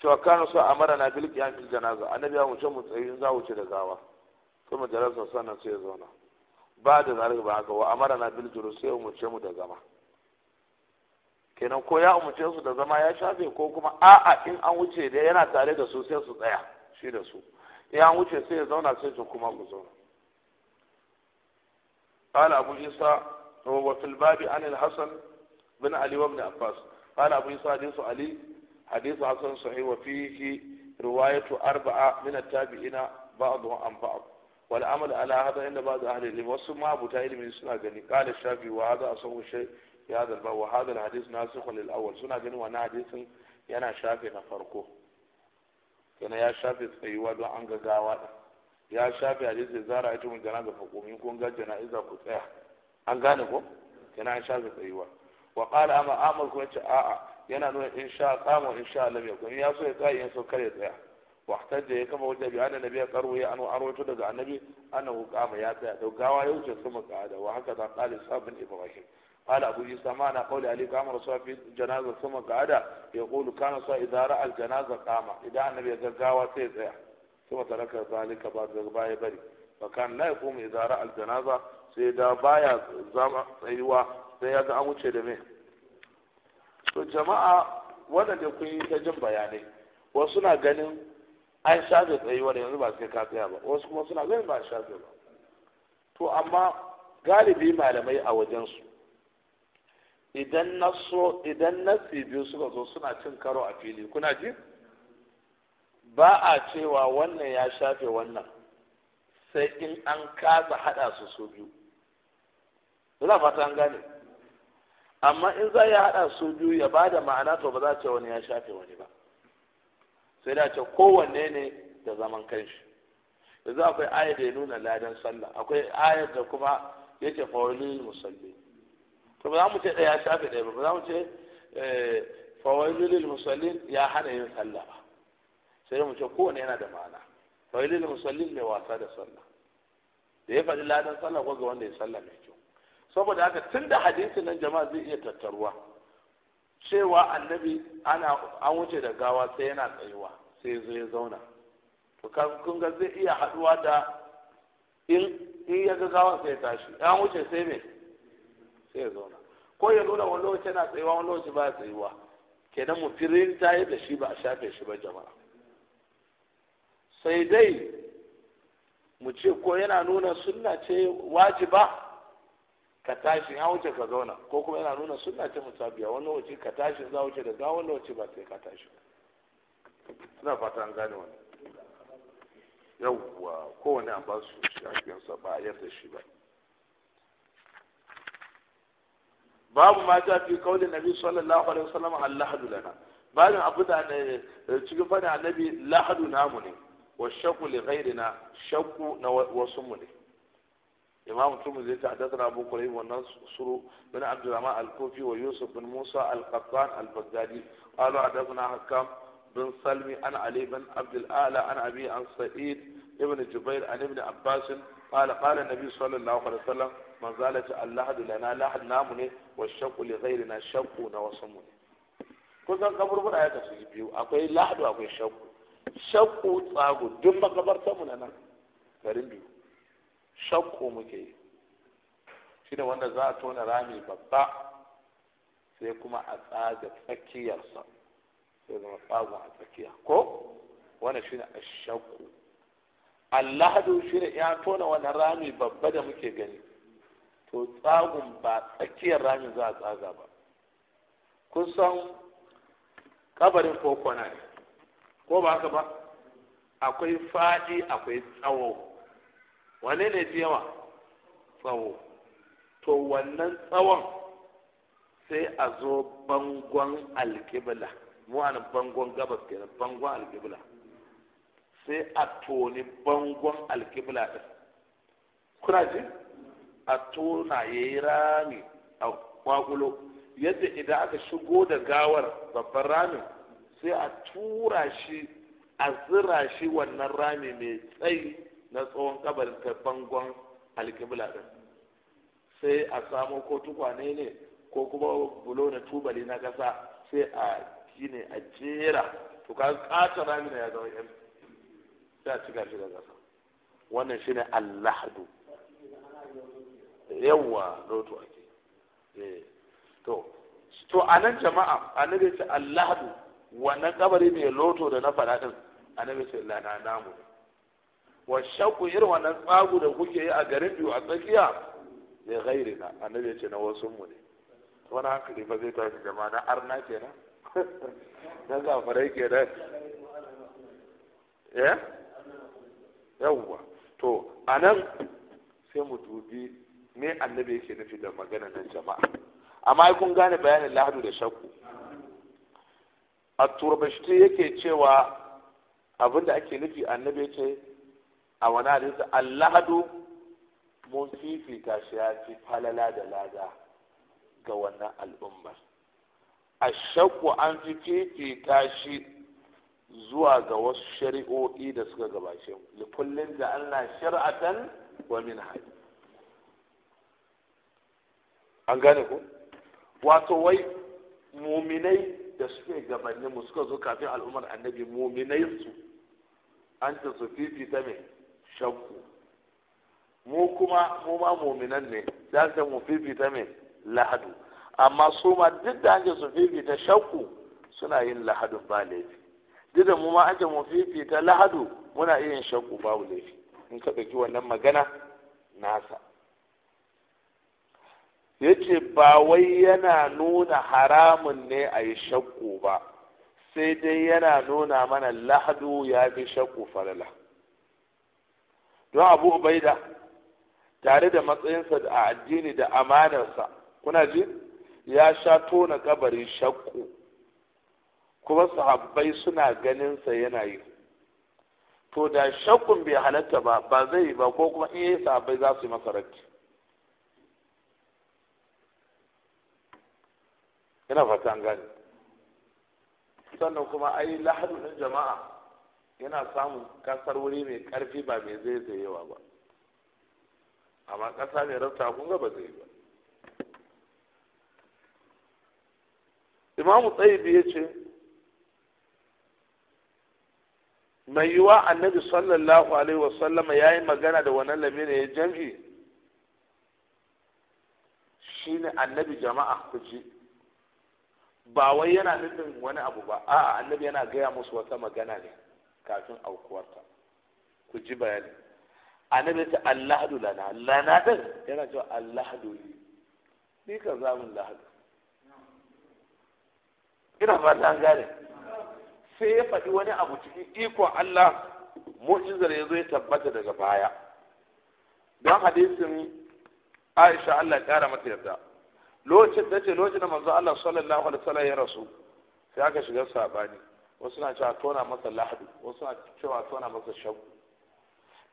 cewa kana so amara na bil qiyam bil janaza annabi ya wuce mu za wuce da gawa to mu jarasa sannan sai ya zauna ba da zalika ba haka wa amara na bil juru sai mu ce mu da zama kenan ko ya umurce su da zama ya shafe ko kuma a'a in an wuce da yana tare da su sai su tsaya shi da su in an wuce sai ya zauna sai su kuma ku zauna قال أبو عيسى وفي الباب عن الحسن بن علي وابن عباس قال أبو يسوع حديث علي حديث حسن صحيح وفيه رواية أربعة من التابعين بعضهم عن بعض والعمل على هذا عند بعض أهل العلم وسمع أبو تايل من سنة جني قال الشافعي وهذا أصوب شيء في هذا الباب وهذا الحديث ناسخ للأول سنة جني وأنا حديث yana shafe na farko sannan ya shafe tsayuwa don an gaggawa ya shafe hadisi zara ita mun janaza fa kun ga janaiza ku tsaya an gane ko yana an shafe tsayuwa wa qala amma amur kuma ce a'a yana nuna in sha qama in sha ya kuma ya so ya tsaye in so kare tsaya wa da ya kama wajen bayanin nabi ya karu ya anu arwato daga annabi annahu kama ya tsaya da gawa ya wuce sama qada wa haka za qala sabin ibrahim قال أبو عيسى معنى قول علي قام رسول في جنازة ثم قعد يقول كان رسول إذا رأى الجنازة قام إذا النبي قاوى سيد ثم ترك ذلك بعد ذلك بري فكان لا يقوم إذا رأى الجنازة sai da baya zama tsayuwa sai ya ga an wuce da me to jama'a wanda da kun yi ta jin bayanai wasu na ganin an shafe da yanzu ba sai ka tsaya ba wasu kuma suna ganin ba shafe ba to amma galibi malamai a wajensu idan so idan na biyu suka zo suna cin karo a fili kuna ji ba a cewa wannan ya shafe wannan sai in an kasa hada su su biyu ina fata an gane amma in za ya haɗa su biyu ya bada ma'ana to ba za ce wani ya shafe wani ba sai da ce kowanne ne da zaman kanshi yanzu akwai ayar da ya nuna ladan sallah akwai ayar da kuma yake fawali musalli to ba za mu ce ɗaya ya shafe ɗaya ba ba za mu ce eh, fawali musallin ya hana yin sallah ba sai da mu ce kowanne yana da ma'ana fawali musallin mai wasa da sallah da ya faɗi ladan sallah ko ga wanda ya sallah mai kyau saboda haka tun da hadisi nan jama'a zai iya tattaruwa cewa annabi ana an wuce da gawa sai yana tsayuwa sai zo ya zauna to kun ga zai iya haduwa da in in ya ga gawa sai ya tashi an wuce sai me sai ya zauna ko ya nuna wani lokaci yana tsayuwa wani lokaci ba tsayuwa kenan mu firin tayi da shi ba a shafe shi ba jama'a sai dai mu ce ko yana nuna sunna ce wajiba ka tashi ya wuce ka zauna ko kuma yana nuna suna ta musabiya wani wuce ka tashi za wuce da gawa wani wuce ba sai ka tashi suna fata an gane wani yawwa kowane an ba su shafiyansa ba a yarda shi ba babu ma ta fi kaulin nabi sallallahu alaihi wasallam allahadu lana bayan abu da eh, cikin fadin annabi lahadu namu ne wa shakku li ghairina shakku na wasu mu ne إمام الترمذي حدثنا أبو قريب والنصر بن عبد الرحمن الكوفي ويوسف بن موسى القطان البغدادي قالوا حدثنا حكام بن سلمي عن علي بن عبد الأعلى عن أبي عن سعيد ابن جبير عن ابن عباس قال قال النبي صلى الله عليه وسلم من زالت اللحد لنا لحد نامني والشق لغيرنا شقنا وصمني kusan kaburbura ya kasu biyu akwai lahadu akwai shakku shakku tsago duk makabartar mu na nan garin biyu shakko muke yi shi ne wanda za a tona rami babba sai kuma a tsaga tsakiyarsa sai zama tsagon a tsakiya ko wanda shi ne a shakku allahadu shi ne ya tona wani rami babba da muke gani to tsagun ba tsakiyar rami za a tsaga ba kusan kabarin koko ne ko ba haka ba akwai faɗi akwai tsawo wane ne fi yawa tsawo to wannan tsawon sai a zo bangon alƙibla mu'ana bangon gabas kenan bangon alƙibla sai a toni bangon alƙibla ɗin kuna ji a tona ya yi rami a kwakulo yadda idan aka shigo da gawar babban ramin sai a tura shi a zira shi wannan rami mai tsayi na tsohon kabarin ta bangon alkibla din sai a samo ko tukwane ne ko kuma bulo na tubali na kasa sai a gine a jera to ka kata rami na ya zama yan sai a cika shi da kasa wannan shi ne allahadu yawwa roto ake eh, to to a nan jama'a annabi ce allahadu wannan kabari mai loto da na faɗa din annabi ce lana namu ne wa shakku irin wannan tsagu da kuke yi a garin biyu a tsakiya bai gairi na annabi ya ce na wasu mu ne wani hankali ba zai tashi jama'a na arna kenan na ke na ya yawwa to a nan sai mu dubi me annabi yake nufi da magana nan jama'a amma kun gane bayanin lahadu da shakku a turbashti yake cewa abinda ake nufi annabi ce a wani hadisi allahadu mun fifita shi ya fi falala da lada ga wannan al'ummar ashakku an fi fifita shi zuwa ga wasu shari'o'i da suka gabace mu li kullin da Allah shari'atan wa min hadi an gane ko wato wai muminai da suke gabanin mu suka zo kafin al'ummar annabi muminai su an ta su fifita mai shakku mu kuma mu ma muminan ne za ka mu fifita mai lahadu amma su ma duk da ake su fifita shakku suna yin lahadu ba laifi duk da mu ma ake mu fifita lahadu muna yin shakku babu laifi in ka ɗauki wannan magana nasa yace ba wai yana nuna haramun ne a yi shakku ba sai dai yana nuna mana lahadu ya fi shakku falala don abu ubaida tare da matsayinsa a addini da amanarsa kuna ji ya sha tona kabarin shakku kuma sahabbai suna ganinsa yana yi to da shakkun bai halatta ba ba zai yi ba ko kuma in yi sahabbai za su yi masa rakki ina fata an sannan kuma ai lahadu na jama'a yana samun kasar wuri mai karfi ba mai zai zayewa ba amma kasa mai rafta kun ba zai ba imamu tsayibi ya ce mai yiwa annabi sallallahu alaihi wasallama ya yi magana da wannan lamina ya jam'i Shi ne annabi jama'a ku ji ba wai yana nufin wani abu ba a'a annabi yana gaya musu wata magana ne kafin aukuwarta ku ji bayani annabi ta allahadu lana lana din yana cewa allahadu li ni ka zamun lahadu ina ba an gane sai ya faɗi wani abu cikin ikon Allah mu'jizar ya zo ya tabbata daga baya don hadisin Aisha Allah ya kara mata yarda lokacin da ce lokacin da manzo Allah sallallahu alaihi wasallam ya rasu sai aka shiga sabani wasu na cewa tona masa lahadi wasu na cewa tona masa shagu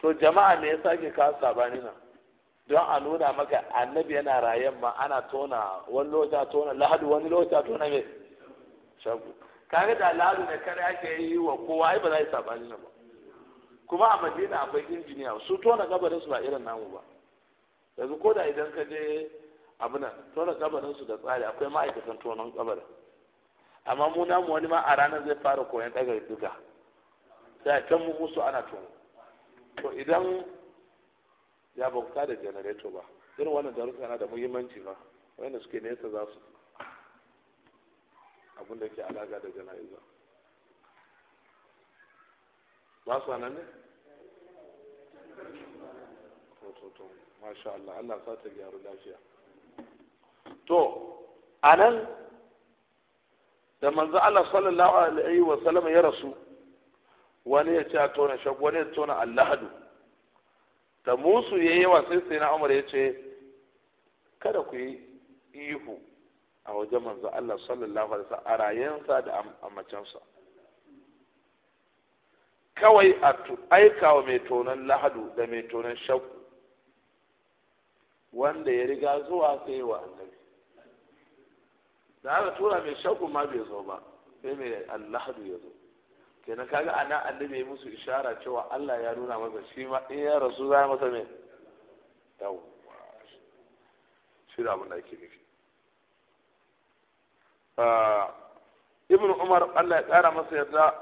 to jama'a me yasa ake kawo sabani nan don a nuna maka annabi yana rayen ma ana tona wani lokaci a tona lahadi wani lokaci a tona me shagu kaga da lahadi ne kare ake yi wa kowa ai ba za yi sabani nan ba kuma a madina akwai injiniya su tona gabarin su ba irin namu ba yanzu ko da idan ka je abu nan tona gabarin su da tsari akwai ma'aikatan tonon gabarin amma mu namu wani ma a ranar zai fara koyon daga duka sai can mu musu ana tun to idan ya bauta da janareto ba irin wannan darussa yana da muhimmanci ba wanda suke nesa za su abinda da ke alaƙa da jana'iza ba su nan ne to masha Allah Allah sa ta gyaru lafiya to anan da manzo Allah sallallahu alaihi wa sallam ya rasu wani ya ce a tona shag wani ya tona allahadu da musu ya yi yawa sai sai na umar ya ce kada ku yi ihu a wajen manzo Allah sallallahu alaihi sallam a rayensa da amacensa kawai a aika wa mai tonon lahadu da mai tonon shakku wanda ya riga zuwa sai wa annabi da aka tura mai shakku ma bai zo ba sai mai alhadu ya zo kenan kaga ana annabi ya musu ishara cewa Allah ya nuna masa shi ma in ya rasu za masa ne yawwa shi da abin da ake nufi ah, ibn umar Allah ya kara masa yadda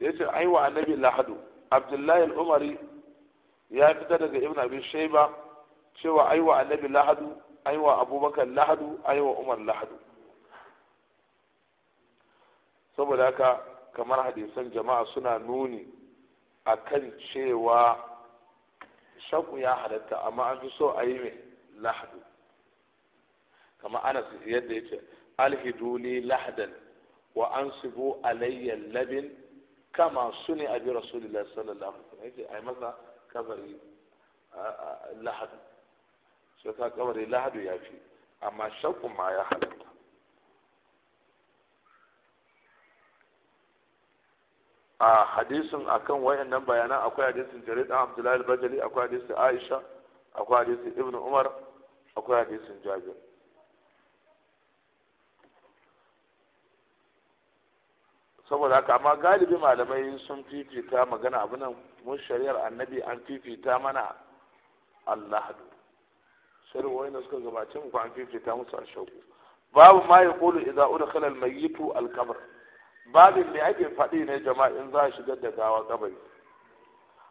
ya ce ai wa annabi lahadu abdullahi al-umari ya fita daga ibn abi shayba cewa ai wa annabi lahadu ai wa abubakar lahadu ai wa umar lahadu saboda haka kamar hadisan jama'a suna nuni a kan cewa shaku ya halatta amma an fi so a yi mai lahadu kamar anas yadda ya ce alhiduni lahadan wa an sibu alayya labin kama su ne a bi rasulillah sallallahu alaihi wasallam yi masa kabari lahadu sai ta kabari lahadu ya fi amma shakku ma ya halatta a hadisin akan wayannan bayanan akwai hadisin jarir dan abdullahi al-bajali akwai hadisin aisha akwai hadisin ibnu umar akwai hadisin jabir saboda haka amma galibi malamai sun fifita magana abu nan mun shari'ar annabi an fifita mana Allah shari'o'i na suka gabace mu ko an fifita musu a shaku babu ma kulu idza udkhala al-mayyitu al-qabr babin me ake faɗi ne jama'in za a shigar da gawa kabari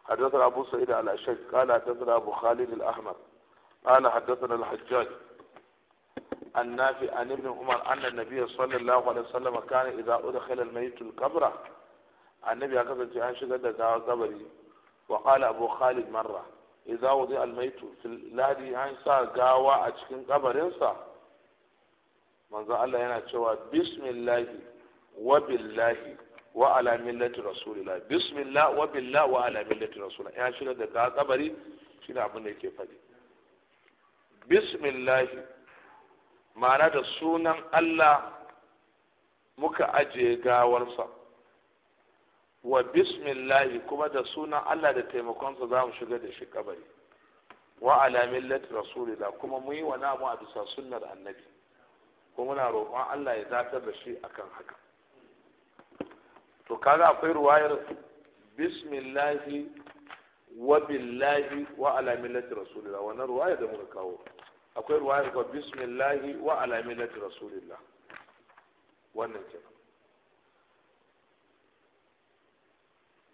حدثنا أبو سعيد على الأشج قال حدثنا أبو خالد الأحمر قال حدثنا الحجاج النافي عن ابن عمر أن النبي صلى الله عليه وسلم كان إذا أدخل الميت القبر النبي أكبر في أنشد دقاء قبري وقال أبو خالد مرة إذا وضع الميت في الذي أنسى قاوى أشكين قبر ينسى من ذا الله ينشوى بسم الله wa billahi wa ala rasulillah bismillah wa billah wa ala rasulillah ya shiga da ka kabari shine abin da yake faɗi bismillah ma'ana da sunan Allah muka ajiye gawarsa wa bismillah kuma da sunan Allah da taimakonsa za mu shiga da shi kabari wa ala rasulillah kuma mu yi wa namu a bisa annabi kuma muna roƙon Allah ya zatar da shi akan haka kaga akwai ruwayar bismillahi wa billahi wa ala millati rasulillah wannan ruwaya da muka kawo akwai ruwayar ko bismillahi wa ala millati rasulillah wannan kenan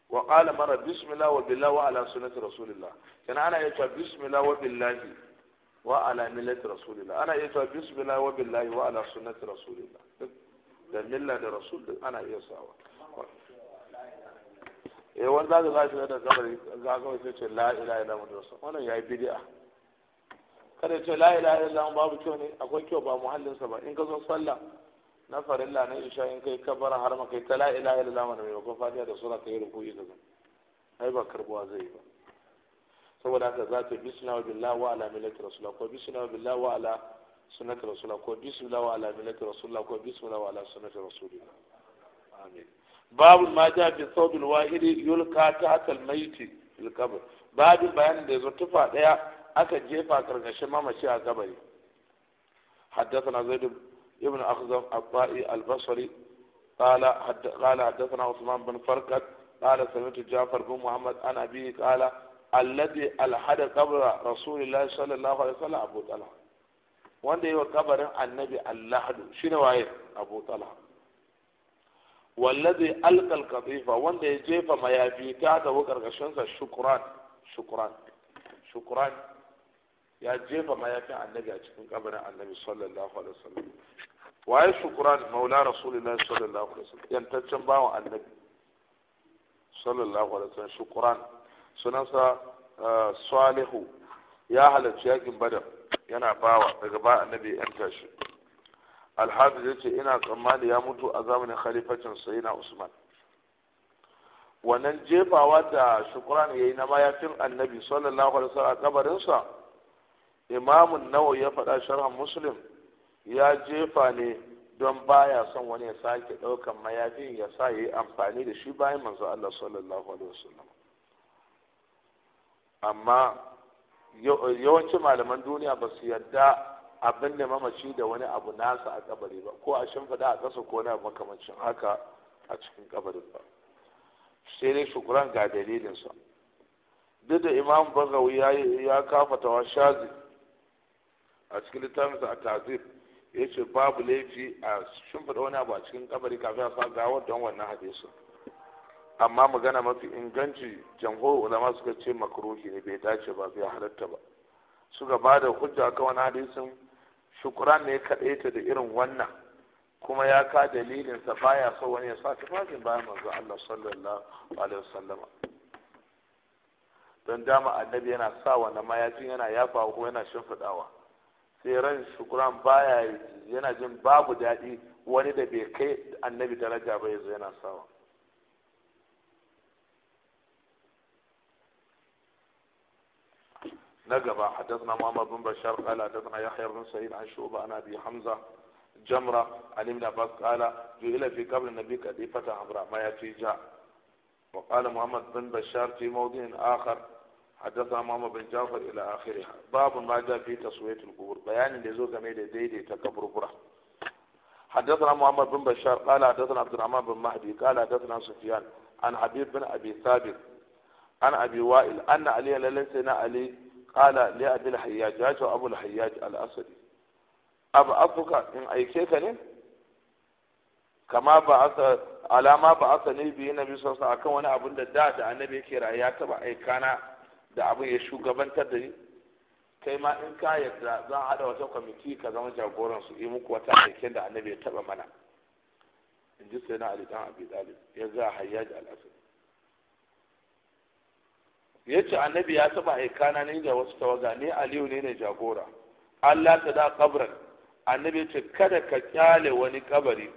wa qala mara bismillah wa billahi wa ala sunnati rasulillah kana ana yace bismillah wa billahi wa ala millati rasulillah ana yace bismillah wa billahi wa ala sunnati rasulillah da milla da rasul ana iya sawa eh wani zaka za shi da kabari za ka wasu ce la ilaha illa muhammadu ya wannan yayi bid'a kada ce la ilaha babu kyau ne akwai kyau ba muhallinsa ba in ka zo sallah na farilla na isha in kai kabara har ma kai ta la ilaha illa muhammadu maimakon fatiha da sura yi ruku'i ka zan ai ba karbuwa zai ba saboda haka za ta bisna wa billahi wa ala millati rasulullah ko bisna wa billahi wa ala sunnati rasulullah ko bismillah wa ala millati rasulullah ko bismillah wa ala sunnati rasulullah amin babu ma ja bi saudul wahidi yulka ta akal maiti fil qabr babu bayanin da yazo tufa daya aka jefa karkashin mamaci a kabari حدثنا زيد بن أخزم الطائي البصري قال حد قال حدثنا عثمان بن فرقد قال سمعت جعفر بن محمد عن أبيه قال الذي ألحد قبر رسول الله صلى الله عليه وسلم أبو طلحة wanda yi wa kabarin annabi allahadu shi ne waye abu wallazi alqal qadifa wanda ya jefa mayafi ta da wukarkashin sa shukran shukran shukran ya jefa mayafi annabi a cikin kabarin annabi sallallahu alaihi wasallam waye shukran maula rasulullahi sallallahu alaihi wasallam yantaccen bawo annabi sallallahu alaihi wasallam shukran sunansa eh, salihu ya halarci yakin badar yana bawa daga ba annabi yan tashi alhafiz ya ce ina tsammani ya mutu a zamanin khalifacin sayyidina usman wannan jefawa da shukran ya yi na mayafin annabi sallallahu alaihi wasallam a kabarinsa imamun nawa ya faɗa sharhan muslim ya jefa ne don baya son wani ya sake ɗaukan mayafin ya sa ya yi amfani da shi bayan manzo Allah sallallahu alaihi wasallam amma yawancin malaman duniya ba su yarda Abin da mamaci da wani abu nasa a kabari ba ko a shimfida a ƙasa ko na makamancin haka a cikin kabarin ba sai dai shukuran ga dalilinsa duk da imam bagawi ya kafa tawa shazi a cikin littafinsa a tazir ya ce babu laifi a shimfida wani abu a cikin kabari kafin a sa gawar don wannan hadisi amma magana mafi inganci jamhur ulama suka ce makruhi ne bai dace ba bai halatta ba suka ba da hujja kan wani hadisin shukran ne kaɗai ta da irin wannan kuma ya ka dalilin sa baya so wani ya sa tufafin bayan manzo Allah sallallahu alaihi wasallam don dama annabi yana sa na mayafin yana yafawa ko yana shimfiɗawa sai ran shukran baya yana jin babu daɗi wani da bai kai annabi daraja ba yazo yana sawa نقبا حدثنا محمد بن بشار قال حدثنا يحيى بن سعيد عن شعبة عن أبي حمزة جمرة عن ابن عباس قال جئل في قبر النبي كتيبة حمراء ما يأتي جاء وقال محمد بن بشار في موضع آخر حدثنا محمد بن جعفر إلى آخرها باب ما جاء في تصوية القبور بيان لزوج ميل زيد تكبر برة حدثنا محمد بن بشار قال حدثنا عبد الرحمن بن مهدي قال حدثنا سفيان عن حبيب بن أبي ثابت عن أبي وائل أن علي ليس علي qala li abi al-hayyaj ya ce abu abu afuka in aike ka ne ba asa alama ba asa ne biyu na biyu wani abun da da da annabi yake rayuwa ta ba aikana da abin ya shugabantar da ni kai ma in ka yadda za haɗa wata kwamiti ka zama jagoran su yi muku wata aikin da annabi ya taɓa mana in ji sai na ali dan abi dalib ya ga hayyaj al-asad ya ce annabi ya taɓa aikana ne da wasu tawaga ne aliyu ne ne jagora allah ta da kabran annabi ya ce kada ka kyale wani kabari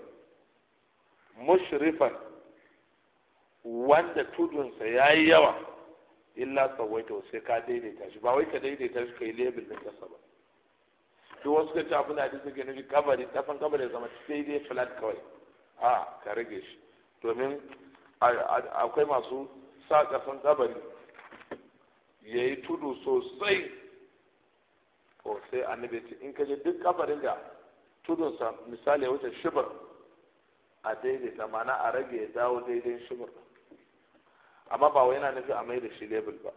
mushrifan wanda tudunsa ya yi yawa illa tsawaita sai ka daidaita shi ba wai ka daidaita shi ka yi lebel da kasa ba duk wasu ka ci abin da hadisi na nufi kabari kafan kabari zama dai flat kawai a ka rage shi domin akwai masu sa kafan kabari ya yi tudu sosai o sai annabi ce in ka duk kabarin da tudunsa misali ya wuce shibir a daidaita mana a rage ya dawo daidai shibir amma ba wai yana nufi a mai da shi lebel ba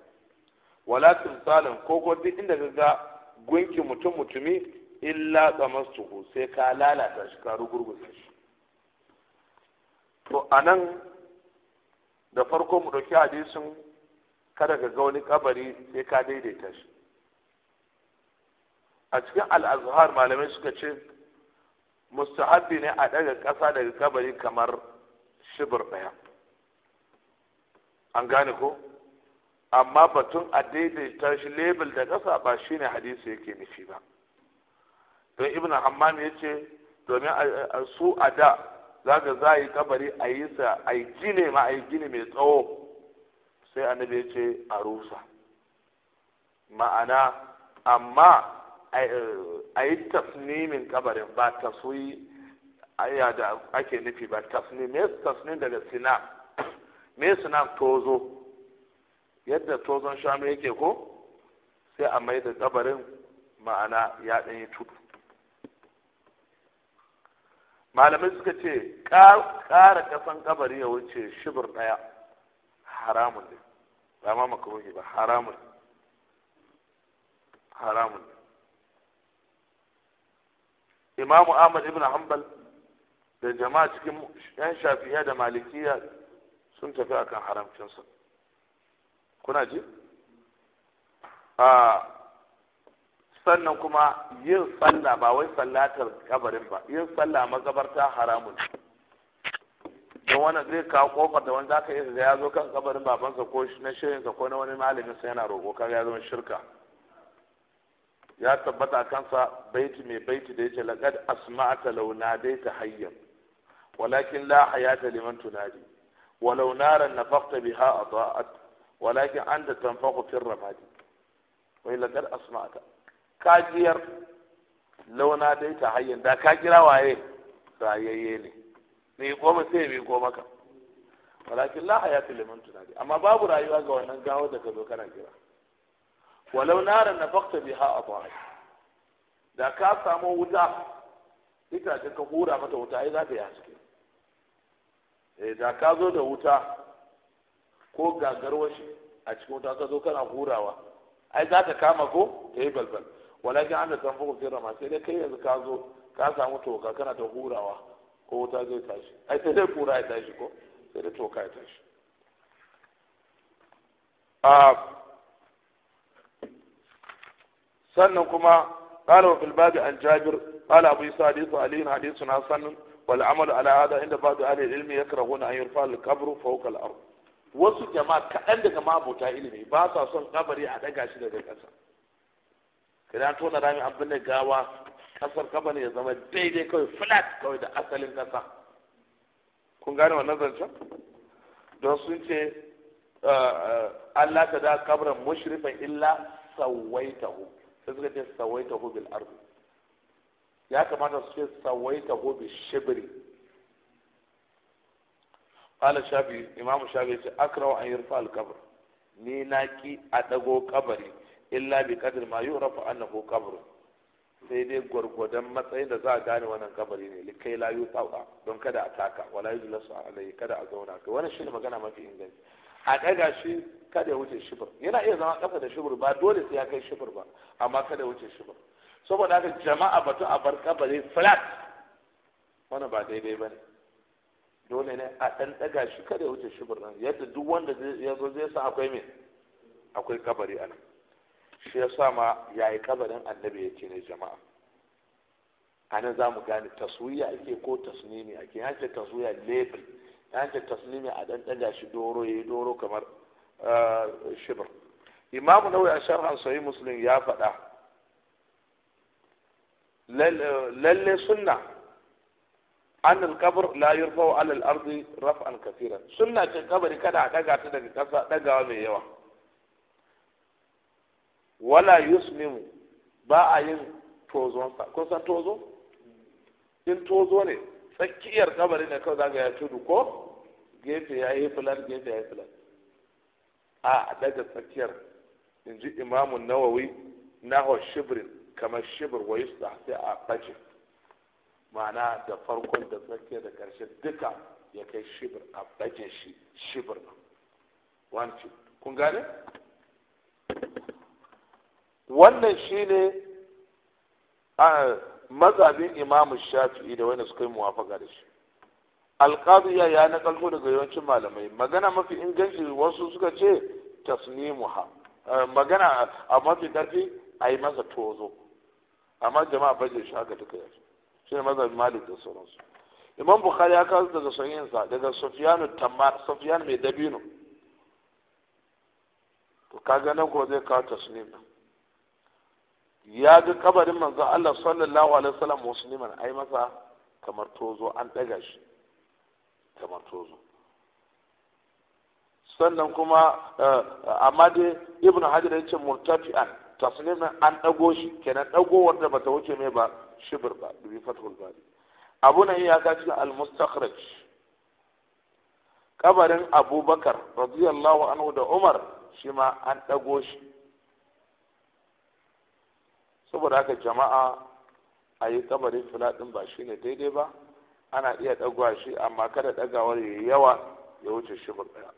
wala tumsalin ko ko duk inda ka ga gunki mutum mutumi illa tsamastuhu sai ka lalata shi ka rugurgusa shi to anan da farko mu ɗauki hadisin kada ka ga wani kabari sai ka daidaita shi a cikin al'azhar malamai suka ce mustahabi ne a daga ƙasa daga kabari kamar shibir daya an gane ko amma batun a daidaita shi lebel da kasa ba shine hadisi yake nufi ba don ibn hammam ya ce domin su a da za za a yi kabari a yi sa a yi gine ma a yi gine mai tsawo sai annabi ya ce a rusa ma'ana amma a yi tasnimin kabarin ba taswi aya da ake nufi ba tasnim me tasnim daga sinam me sinam tozo yadda tozon shanu yake ko sai a mai da kabarin ma'ana ya ɗanyi tudu malamai suka ce ƙara ƙasan kabari ya wuce shibir ɗaya haramun ne dama ma makaruhi ba haramun haramun imamu ahmad ibn hanbal da jama'a cikin yan shafiya da malikiya sun tafi akan haramcinsa kuna ji a sannan kuma yin sallah ba wai sallatar kabarin ba yin sallah mazabarta haramun ne wannan zai kawo kofar da wani zaka iya ya zo kan kabarin babansa ko na shirinsa ko na wani malamin sa yana roƙo kaga ya zama shirka ya tabbata kansa baiti mai baiti da yace laqad launa law nadaita hayyan walakin la hayata liman tunadi walau naran nafaqta biha adha'at walakin anta tanfaqu fi ramadi wai laqad ta kajiyar law nadaita hayyan da ka kira waye rayayye ne mai goma sai mai goma ka walakin la hayatu liman tunadi amma babu rayuwa ga wannan gawo da ka zo kana kira walau naran nafaqta biha adha'at da ka samu wuta ita ce ka hura mata wuta ai za ka yi haske eh da ka zo da wuta ko gagarwar shi a cikin wuta ka zo kana hurawa ai za ta kama ko ta yi balbal walakin an da tanfuku fi ma sai dai kai yanzu ka zo ka samu toka kana ta hurawa ko wuta zai tashi ai sai dai kura ya tashi ko sai da toka ya tashi sannan kuma qala fil babi an jabir qala abu isa hadithu ali hadithu na sannan wal amalu ala hada inda ba'du ahli ilmi yakrahuna an yurfa al qabru fawqa al ard wasu jama'a kaɗan daga mabuta ilimi ba sa son kabari a daga shi daga ƙasa kira to da rami abin da gawa kasar kabarin ya zama daidai kawai flat kawai da asalin kasa kun gane wannan zancen don sun ce ah, ah, Allah ta da kabarin mushrifan illa hu sai suka ce hu bil ardi ya kamata su ce hu bil shibri qala shafi imamu shafi ya ce akrawa an yi al kabr ni ki a dago kabari illa bi kadir ma yi rafa annahu kabarin. sai dai gwargwadon matsayin da za a gane wannan kabari ne likai layu tsawa don kada a taka wala yi lasu alayi kada a zauna kai wani shi ne magana mafi inganci a ɗaga shi kada ya wuce shibir yana iya zama ƙasa da shibir ba dole sai ya kai shibir ba amma kada ya wuce shibir saboda haka jama'a batu a bar kabari flat wannan ba daidai ba ne dole ne a ɗan ɗaga shi kada ya wuce shibir nan yadda duk wanda ya zo zai sa akwai me akwai kabari a nan shi ya sa ma yi kabarin annabi ya ce ne jama'a nan za mu gane taswiya ake ko tasnimi ake yanke taswiya label yanke tasnimi a ɗanɗanda shi doro yi doro kamar eh, shibir imamu nawawi a sharhan sahih muslim ya faɗa lalle sunna an alqabr la yurfa'u ala al-ardi raf'an kaseeran sunna ce kabari kada a daga ta daga kasa dagawa mai yawa wala yusmimu ba a yin tozonsa kun san tozo in tozo ne tsakiyar kabari ne kawai zaga ya tudu ko gefe ya yi filan gefe ya yi filan a daga tsakiyar in ji imamun nawawi naho shibrin kamar shibir wa yusta sai a bace ma'ana da farkon da tsakiyar da karshe duka ya kai shibir a bace shi shibir wani kun gane wannan shine mazabin imamu shafi'i da wani suka yi muwafaka da shi alqadiya ya nakalko daga yawancin malamai magana mafi inganci wasu suka ce tasnimuha eh, magana a mafi karfi a yi masa tozo amma jama'a bajin shi haka duka yasu shi ne mazabin malik da sauransu imam bukhari ya kawo daga sahihinsa daga sufyanu tamar sufyan mai dabino to kaga nan ko zai kawo tasnim ya ga kabarin manzo Allah sallallahu alaihi wasallam musliman ai masa kamar tozo an daga shi kamar tozo sannan kuma eh, amma dai ibn hajar ya ce murtafi'an tasliman an dago shi kenan dago da bata wuce mai ba shibir ba dubi fathul bari abu nan ya ka cikin al-mustakhraj kabarin abubakar radiyallahu anhu da umar shi ma an dago shi saboda haka jama'a a yi kabarin ɗin ba shine daidai ba ana iya ɗagawa shi amma kada ɗagawar ya yawa ya wuce shi ɗaya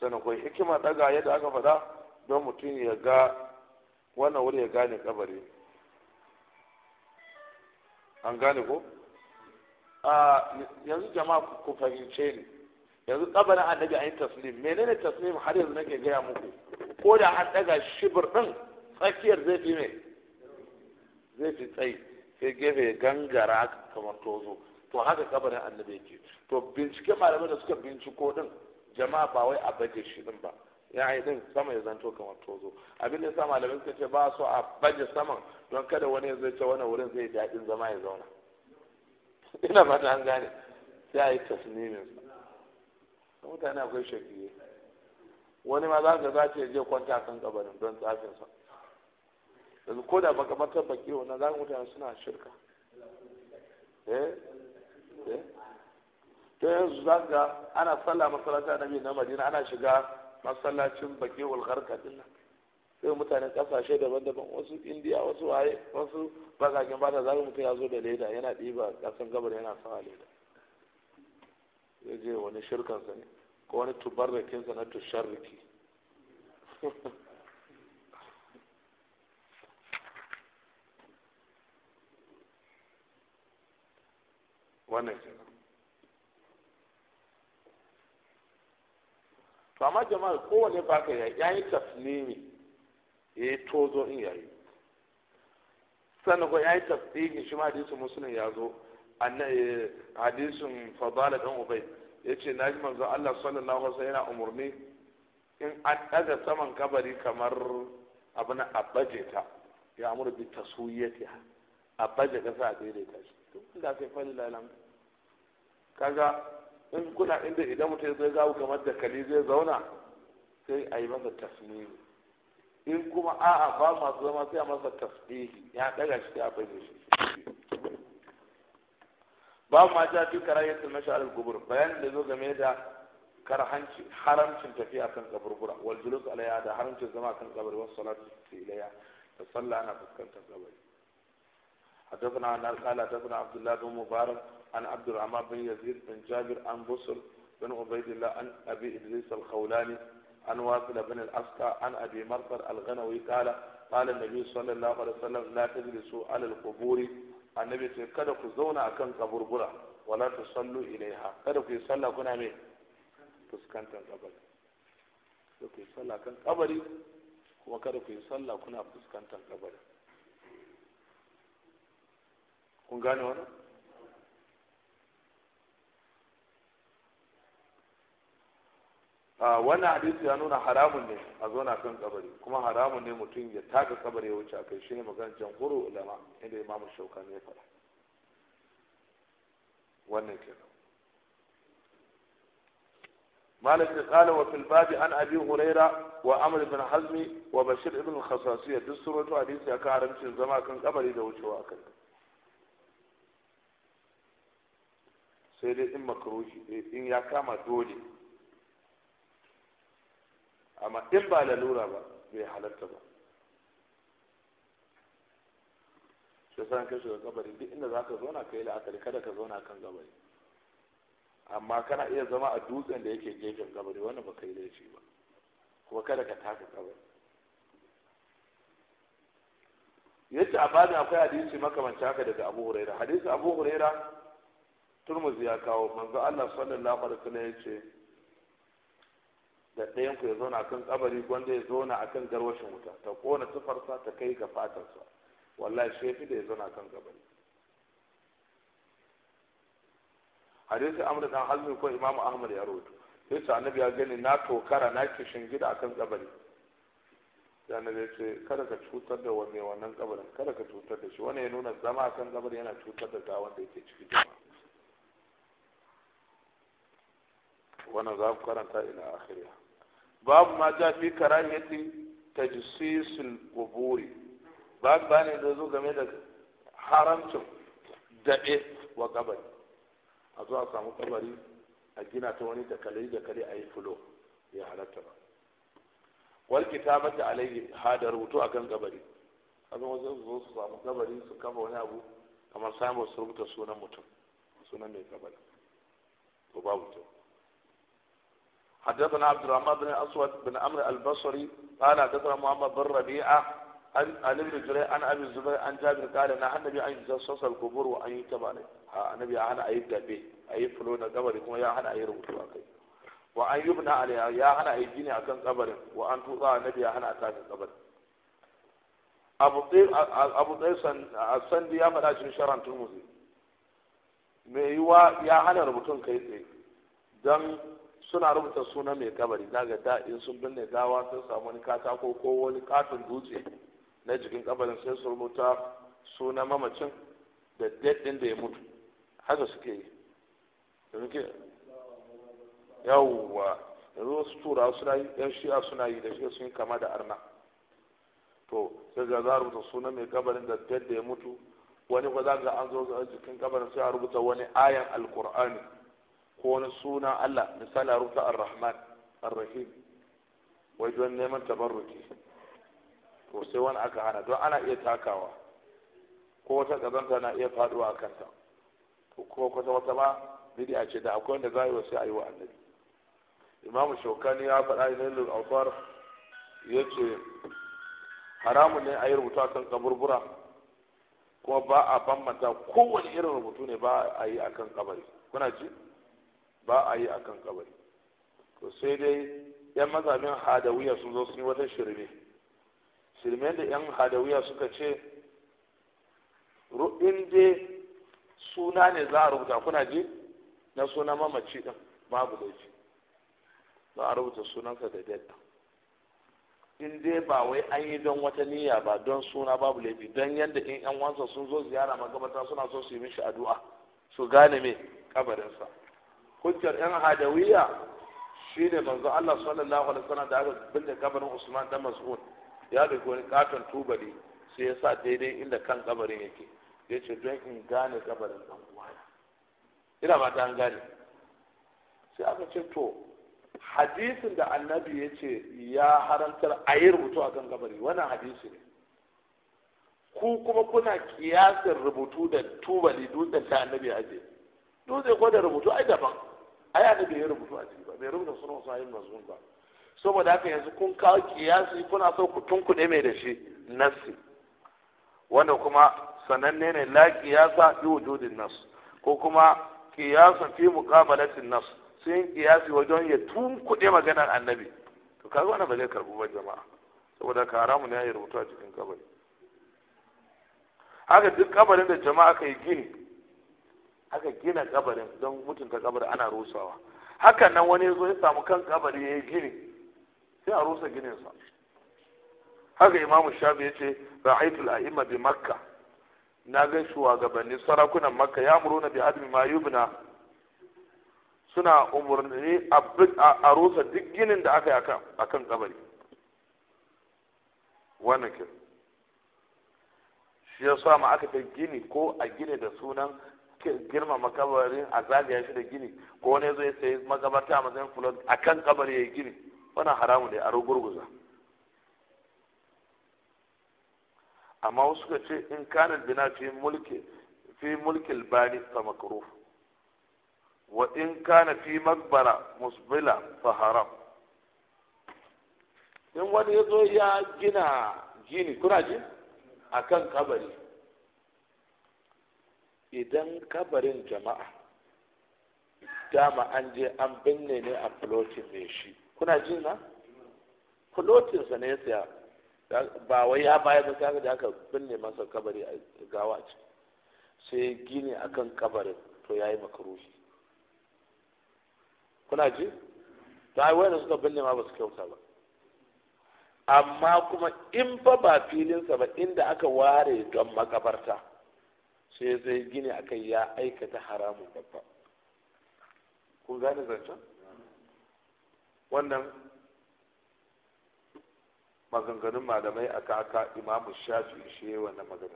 sannan kuwa hikimar ɗaga yadda aka faɗa don mutum ya ga wannan wuri ya gane kabari an gane ko yanzu jama'a ku fahimce ni yanzu kabarin annabi an yi taslim menene taslim har yanzu nake gaya muku ko da an ɗaga shibir ɗin tsakiyar zai fi mai zai fi tsayi sai gefe gangara kamar tozo to haka kabarin annabi yake to bincike malamai da suka binciko din jama'a ba wai a baje shi din ba ya yi din sama ya zanto kamar tozo abin da sa malamai suka ce ba so a baje saman don kada wani ya zai ce wani wurin zai daɗin zama ya zauna ina ba an gane sai a yi tasnimin sa mutane akwai shakiye wani ma za ka za ce je kwanta kan kabarin don tsafin sa yanzu ko da makamantar baki wannan zan mutane suna shirka eh? Eh? ta yanzu zaka ana sallah masallaci annabi na madina ana shiga masallacin baki gharka din nan sai mutanen kasashe daban-daban wasu indiya wasu waye wasu bakakin bata za mutum ya zo da leda yana ɗiba kasan gabar yana sawa leda zai je wani shirkansa ne ko wani tubarrakinsa na tusharriki wannan kenan to amma jama'a kowane baka ya yi tafnimi ya yi tozo in yi sannan ko ya yi tafsiri shi ma hadisun musulun ya zo eh, hadisun fadala dan ubai ya ce na ji manzo Allah sallallahu alaihi yana umarni in an ɗaga saman kabari kamar abin a baje ta ya amur bi taswiyatiha a baje kasa a daidaita shi to inda sai fa lillahi kaga in kuna inda idan mutum zai gawo kamar da kali zai zauna sai a yi masa tasmini in kuma a'a ba masu zama sai a masa tasmini ya daga shi ya bai shi ba ma ja fi karayyatul mashal al gubur bayan da zo game da karhanci haramcin tafiya kan kaburbura wal julus alayha da haramcin zama kan kabari was salatu ilayha da sallah ana fuskantar kabari حدثنا عن قال حدثنا عبد الله بن مبارك عن عبد الرحمن بن يزيد بن جابر عن بصر بن عبيد الله عن أبي إدريس الخولاني عن واصل بن الأسقى عن أبي مرثر الغنوي قال قال النبي صلى الله عليه وسلم لا تجلسوا على القبور النبي kada ku zauna akan kaburbura wala tusallu ilaiha kada ku sallah kuna me fuskantar kabari kada ku sallah kan kabari kuma kada ku sallah kuna fuskantar kabari kun gane A ah, wannan hadisi ya nuna haramun ne a zona kan kabari kuma haramun ne mutum ya taka kabari ya wuce a akai shine maganar jamhuru ulama inda imam shaukani ya faɗa wannan ke kenan مالك قال وفي الباب عن ابي هريره وامر بن حزم وبشير بن الخصاصيه دسرة حديث يا haramcin zama kan قبري da wucewa akan sai dai in makruhi eh, in ya kama dole amma in ba lalura ba bai halarta ba shi yasa kai shiga gabari duk inda za ka zauna ka yi la'akari kada ka zauna kan gabari amma kana iya zama a dutsen da yake gefen kabari wannan ba ka yi laifi ba kuma kada ka taka kabari yace a bada akwai hadisi makamanci haka daga Abu Huraira hadisi Abu Huraira Turmuzi ya kawo manzo Allah sallallahu alaihi wasallam ce. da ɗayan ku ya zauna akan kabari gwanda ya zauna akan garwashin wuta ta kona tufarsa ta kai ga fatarsa wallahi shefi da ya zauna akan kabari hadisi amr dan hazmi ko imamu ahmad ya rawaito sai ta annabi ya gani na tokara na kishin gida akan kabari sai annabi ya ce kada ka cutar da wani wannan kabarin kada ka cutar da shi wani ya nuna zama akan kabari yana cutar da ta da yake ciki jama'a wannan za ku karanta ila akhiriya babu ma ja fi karahiyati tajsisul quburi babu bane da zo game da haramcin dabe wa kabari a zo a samu kabari a gina ta wani da dakali dakali a yi fulo ya halatta ba wal kitabati alayhi hada rubutu akan kabari abin wasu su zo su samu kabari su kafa wani abu kamar samun su rubuta sunan mutum sunan mai kabari to babu to حدثنا عبد الرحمن بن اسود بن عمرو البصري قال حدثنا محمد بن ربيعه عن عن ابن جرير عن ابي الزبير عن جابر قال نهى النبي عن جسس القبور وان يكتب عليه النبي هنا اي دبي اي فلو ده قبر كما يا هنا اي ربط اكاي وان يبنى عليه يا هنا اي جني اكن قبر وان توضع النبي يا هنا اكن قبر ابو طيب ابو قيس السندي يا فدا شن شران ترمذي me yiwa ya hana rubutun kai tsaye don suna rubuta sunan mai kabari daga da in sun binne gawa sun samu wani katako ko wani katon dutse na jikin kabarin sai su rubuta sunan mamacin da daɗin da ya mutu haka suke yi yawwa yanzu wasu tura suna yi yan shi'a suna yi da shi sun kama da arna to sai ga za rubuta sunan mai kabarin da daɗin da ya mutu wani ba za ga an zo jikin kabarin sai a rubuta wani ayan alkur'ani ko wani suna Allah misali a ar-rahman ar-rahim wai don neman tabarruki to sai wani aka hana don ana iya takawa ko wata kazanta na iya faduwa a kanta ko kwata wata ma a ce da akwai wanda za a yi wa sai a yi wa annabi imam shaukani ya faɗa ne lil awsar yace haramun ne a yi rubutu kan kaburbura kuma ba a bambanta kowane irin rubutu ne ba a yi a kan kabari kuna ji ba a yi akan kabari to sai dai yan mazamin hadawiya sun zo sun yi wata shirme shirme da yan hadawiya suka ce ru'in dai suna ne za a rubuta kuna ji na suna mamaci din babu laifi za a rubuta sunansa da dadda in dai ba wai an yi don wata niyya ba don suna babu laifi don yadda in yan wansa sun zo ziyara magabata suna so su yi mishi addu'a su gane me kabarinsa hujjar yan hadawiya shine manzo Allah sallallahu alaihi wasallam da aka binne kabarin Usman dan Mas'ud ya dauki wani katon tubali sai ya sa daidai inda kan kabarin yake ya ce don in gane kabarin dan uwana ina ba ta gane sai aka ce to hadisin da annabi ya ce ya haramtar a yi rubutu a kan kabari wannan hadisi ne ku kuma kuna kiyasin rubutu da tubali dutsen da annabi ya ce dutse ko da rubutu ai daban Aya annabi bai rubutu a ciki ba bai rubuta sunan ayin mazmun ba saboda haka yanzu kun kawo kiyasi kuna so ku tunkuɗe mai da shi nassi wanda kuma sananne ne la kiyasa fi wujudin nas ko kuma kiyasa fi muqabalatin nas sun kiyasi wajen ya tunkuɗe maganar annabi to kaga wannan ba zai karbu ba jama'a saboda ka haramu ne ya rubutu a cikin kabari haka duk kabarin da jama'a kai yi gini aka gina kabarin don mutunta kabarin ana rusawa hakan nan wani zo ya samu kan kabari ya yi gini sai a rusa sa haka imamu shafi ya ce ra'aitul a'imma bi makka na ga shugabanni sarakunan makka ya na bi admi ma yubna suna umarni a rusa duk ginin da aka yi a kan kabari wannan ke shi ya sa ma aka ta gini ko a gine da sunan girma kabarin a zagaya shi da gini ko wani zo ya sayi a matsayin fulon a kan kabari ya yi gini wani haramu ne a rugurguza amma wasu ka ce in kanar bina fi mulki fi mulkil bani fa makruf wa in kana fi makbara musbila fa haram in wani ya zo ya gina gini kuna ji akan kabari idan kabarin jama'a dama an je an binne ne a floating mai shi kuna ji na floating sa ne ya ba wai ya baya da kaga da aka binne masa kabari a gawa ce sai gini akan kabarin to yayi makruhi kuna ji ta ai wanda suka binne ma ba su kyauta ba amma kuma in fa ba filinsa ba inda aka ware don makabarta sai zai gini akan ya aikata haramun babba kun gane zancen wannan maganganun malamai aka kaka imamu shafi shi wannan magana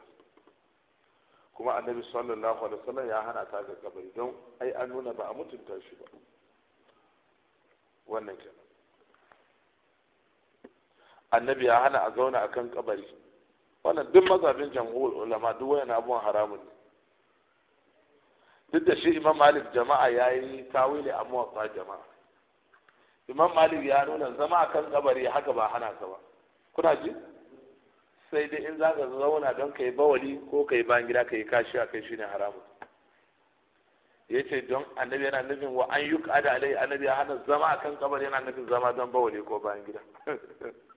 kuma annabi sallallahu alaihi wasallam ya hana ta ga kabari don ai an nuna ba a mutunta shi ba wannan kenan annabi ya hana a zauna akan kabari wannan duk mazhabin jamhur ulama duk wayan abun haramun ne duk da shi imam malik jama'a ya yi tawili a muwaffa jama'a imam malik ya nuna zama a kan kabari haka ba hana ka ba kuna ji sai dai in za ka zauna don ka yi bawali ko ka yi bayan gida ka yi kashi a kai shine haramun ya ce don annabi yana nufin wa an yi kada alai annabi ya hana zama a kan kabari yana nufin zama don bawali ko bayan gida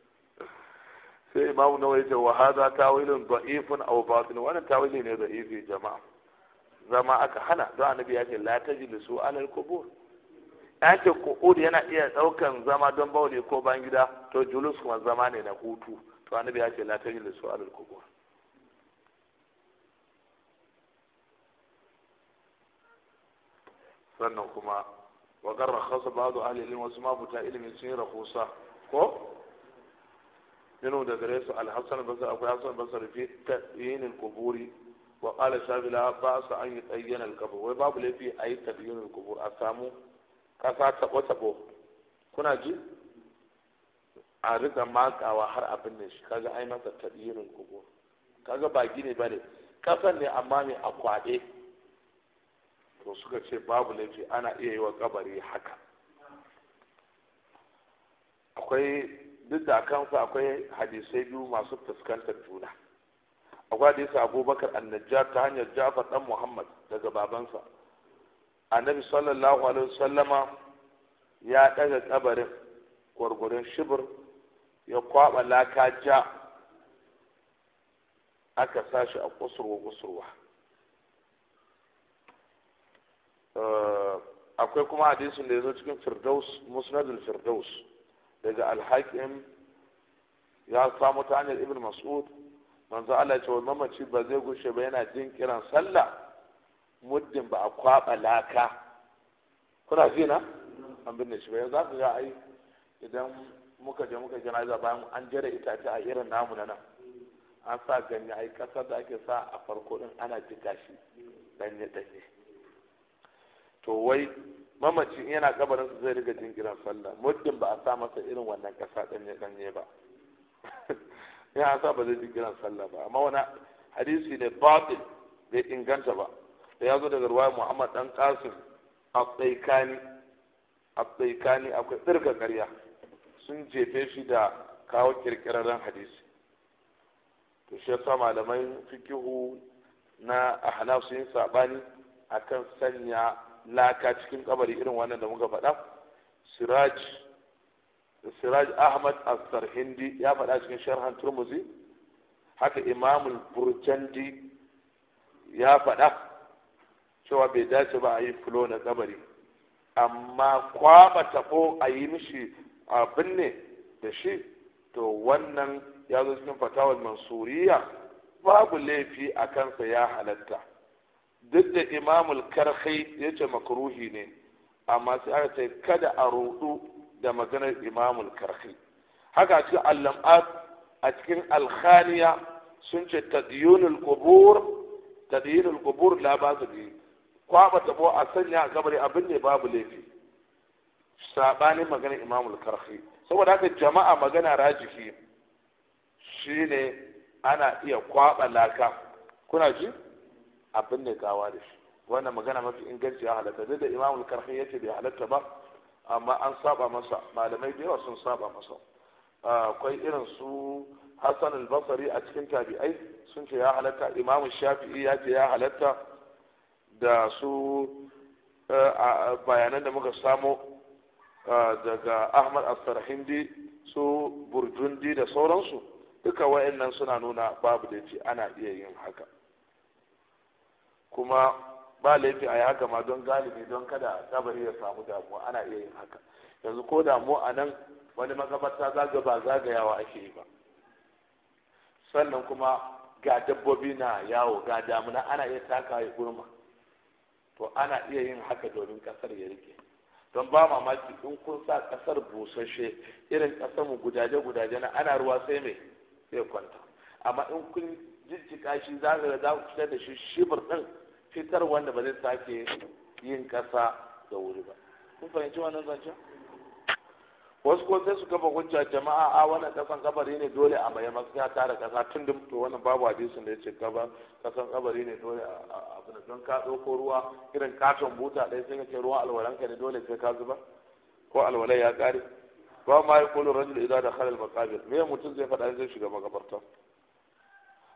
sai imamu nawa ya ce wa haza tawilin da'ifun aw batin wannan tawili ne da'ifi jama'a zama aka hana don annabi ya ce la tajlisu alal qubur ya ce qu'ud yana iya daukan zama don bauli ko ban gida to julus kuma zama ne na hutu to annabi ya ce la tajlisu alal qubur sannan kuma wa garra khasa ba'du ahli ilmi wasu ma ilimin ilmi sun yi rahusa ko منه دقريس الحسن البصري أبو حسن البصري في تبيين القبور وقال شاب لا بأس أن يتأين القبور وباب لي في أي تبيين القبور أسامو كفا تبو تبو كنا جي a rika makawa har abin nan shi kaga ai masa tabirin kubur kaga ba gine bane kasan ne amma ne a kwade to suka ce babu laifi ana iya yi wa kabari haka akwai duk da kansa akwai hadisai biyu masu fuskantar juna akwai hadisi abubakar annajjar ta hanyar jafar dan muhammad daga babansa annabi sallallahu alaihi wasallama ya daga kabarin gwargwaron shibir ya kwaba laka ja aka sashi a kusurwa kusurwa eh, akwai kuma hadisin da ya zo cikin firdaus musnadul firdaus daga alhakim ya samu ta hanyar ibn mas'ud manzo Allah ya ce wa mace ba zai gushe ba yana jin kiran sallah muddin ba a kwaba laka kuna ji na an binne shi ba yanzu aka ga ai idan muka je muka za bayan an jere itace a irin namu na nan an sa ganye ai kasar da ake sa a farko din ana jika shi danye danye to wai mamaci yana kabarin su zai riga jingiran sallah muddin ba a sa masa irin wannan kasa danye danye ba ya sa ba zai jingiran sallah ba amma wani hadisi ne batil bai inganta ba da ya zo daga ruwaya muhammad dan kasim abdaikani abdaikani akwai tsirka karya sun jefe shi da kawo kirkirarren hadisi to shi yasa malamai fikihu na ahnaf sun sabani akan sanya laka cikin kabari irin wannan da muka faɗa siraj siraj ahmad as-sarhindi ya faɗa cikin sharhan turmuzi haka imamul burjandi ya faɗa cewa bai dace ba a yi fulo na kabari amma kwaba taɓo a yi mishi abin ne da shi to wannan ya zo cikin fatawar mansuriya babu laifi a kansa ya halatta duk da imamul karhi ya ce makruhi ne amma sai aka ce kada a rudu da maganar imamul karhi haka a cikin allam'at a cikin alkhaniya sun ce tadyunul qubur tadyunul qubur la ba su bi kwaba tabo a sanya a kabari abin ne babu laifi sabanin maganar imamul karhi saboda haka jama'a magana rajiki shine ana iya kwaba laka kuna ji abin binne gawa da shi wannan magana mafi inganci a halatta duk da imamul ya ce bai halatta ba amma an saba masa malamai da yawa sun saba masa akwai irin su hassan al-basri a cikin tabi'ai sun ce ya halatta imamu shafi'i ya ce ya halatta da su eh, bayanan da muka samo eh, daga ahmad astarhindi su burjundi da sauransu duka wa'annan suna nuna babu da ana iya yin haka kuma ba laifi a yi haka ma don galibi don kada kabari ya samu damuwa ana iya yin haka yanzu ko damuwa a nan wani makabarta zaga ba zagayawa ake yi ba sannan kuma ga dabbobi na yawo ga damuna ana iya taka ya gurma to ana iya yin haka domin kasar ya rike don ba mamaki in kun sa kasar busasshe irin kasar mu gudaje-gudaje na ana ruwa sai mai sai kwanta amma in kun jijjika shi za ku fitar da shi shibir ɗin. fitar wanda ba zai sake yin ƙasa da wuri ba kun fahimci wannan zancen wasu ko sai su kafa hujja jama'a a wannan kasan kabari ne dole a mai masu ya tara kasa tun da to wannan babu hadisin da yace kabar kasan kabari ne dole a abu don ka ɗauko ruwa irin katon buta ɗaya sai ka ce ruwan ka ne dole sai ka zuba ko alwalai ya ƙare ba ma ya kulu rajul idza dakhala al maqabir me mutum zai faɗa zai shiga makabarta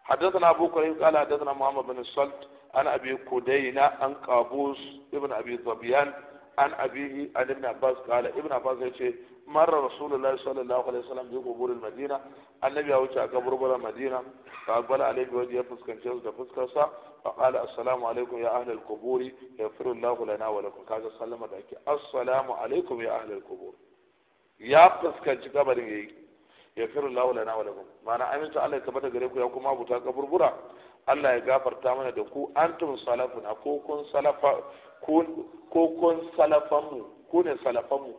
حدثنا أبو كريم قال حدثنا محمد بن الصلت عن أبي كدينة عن قابوس ابن أبي ظبيان عن أبيه عن ابن عباس قال ابن عباس يقول مر رسول الله صلى الله عليه وسلم بقبور المدينة النبي أوجه قبر بلا مدينة فأقبل عليه بوجه فسكن جوز فسكسا فقال السلام عليكم يا أهل القبور يغفر الله لنا ولكم كذا سلم السلام عليكم يا أهل القبور يا فسكن قبر يجي yaghfiru Allahu lana wa lakum ma'ana aminta Allah ya tabbata gare ku ya kuma abuta kaburbura Allah ya gafarta mana da ku antum salafuna ko kun salafa ko kun ku ne salafanmu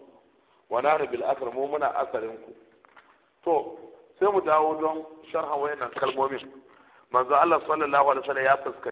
wa nahnu bil athar mu muna asarin ku to sai mu dawo don sharhan wayannan kalmomin manzo Allah sallallahu alaihi wasallam ya fuskanta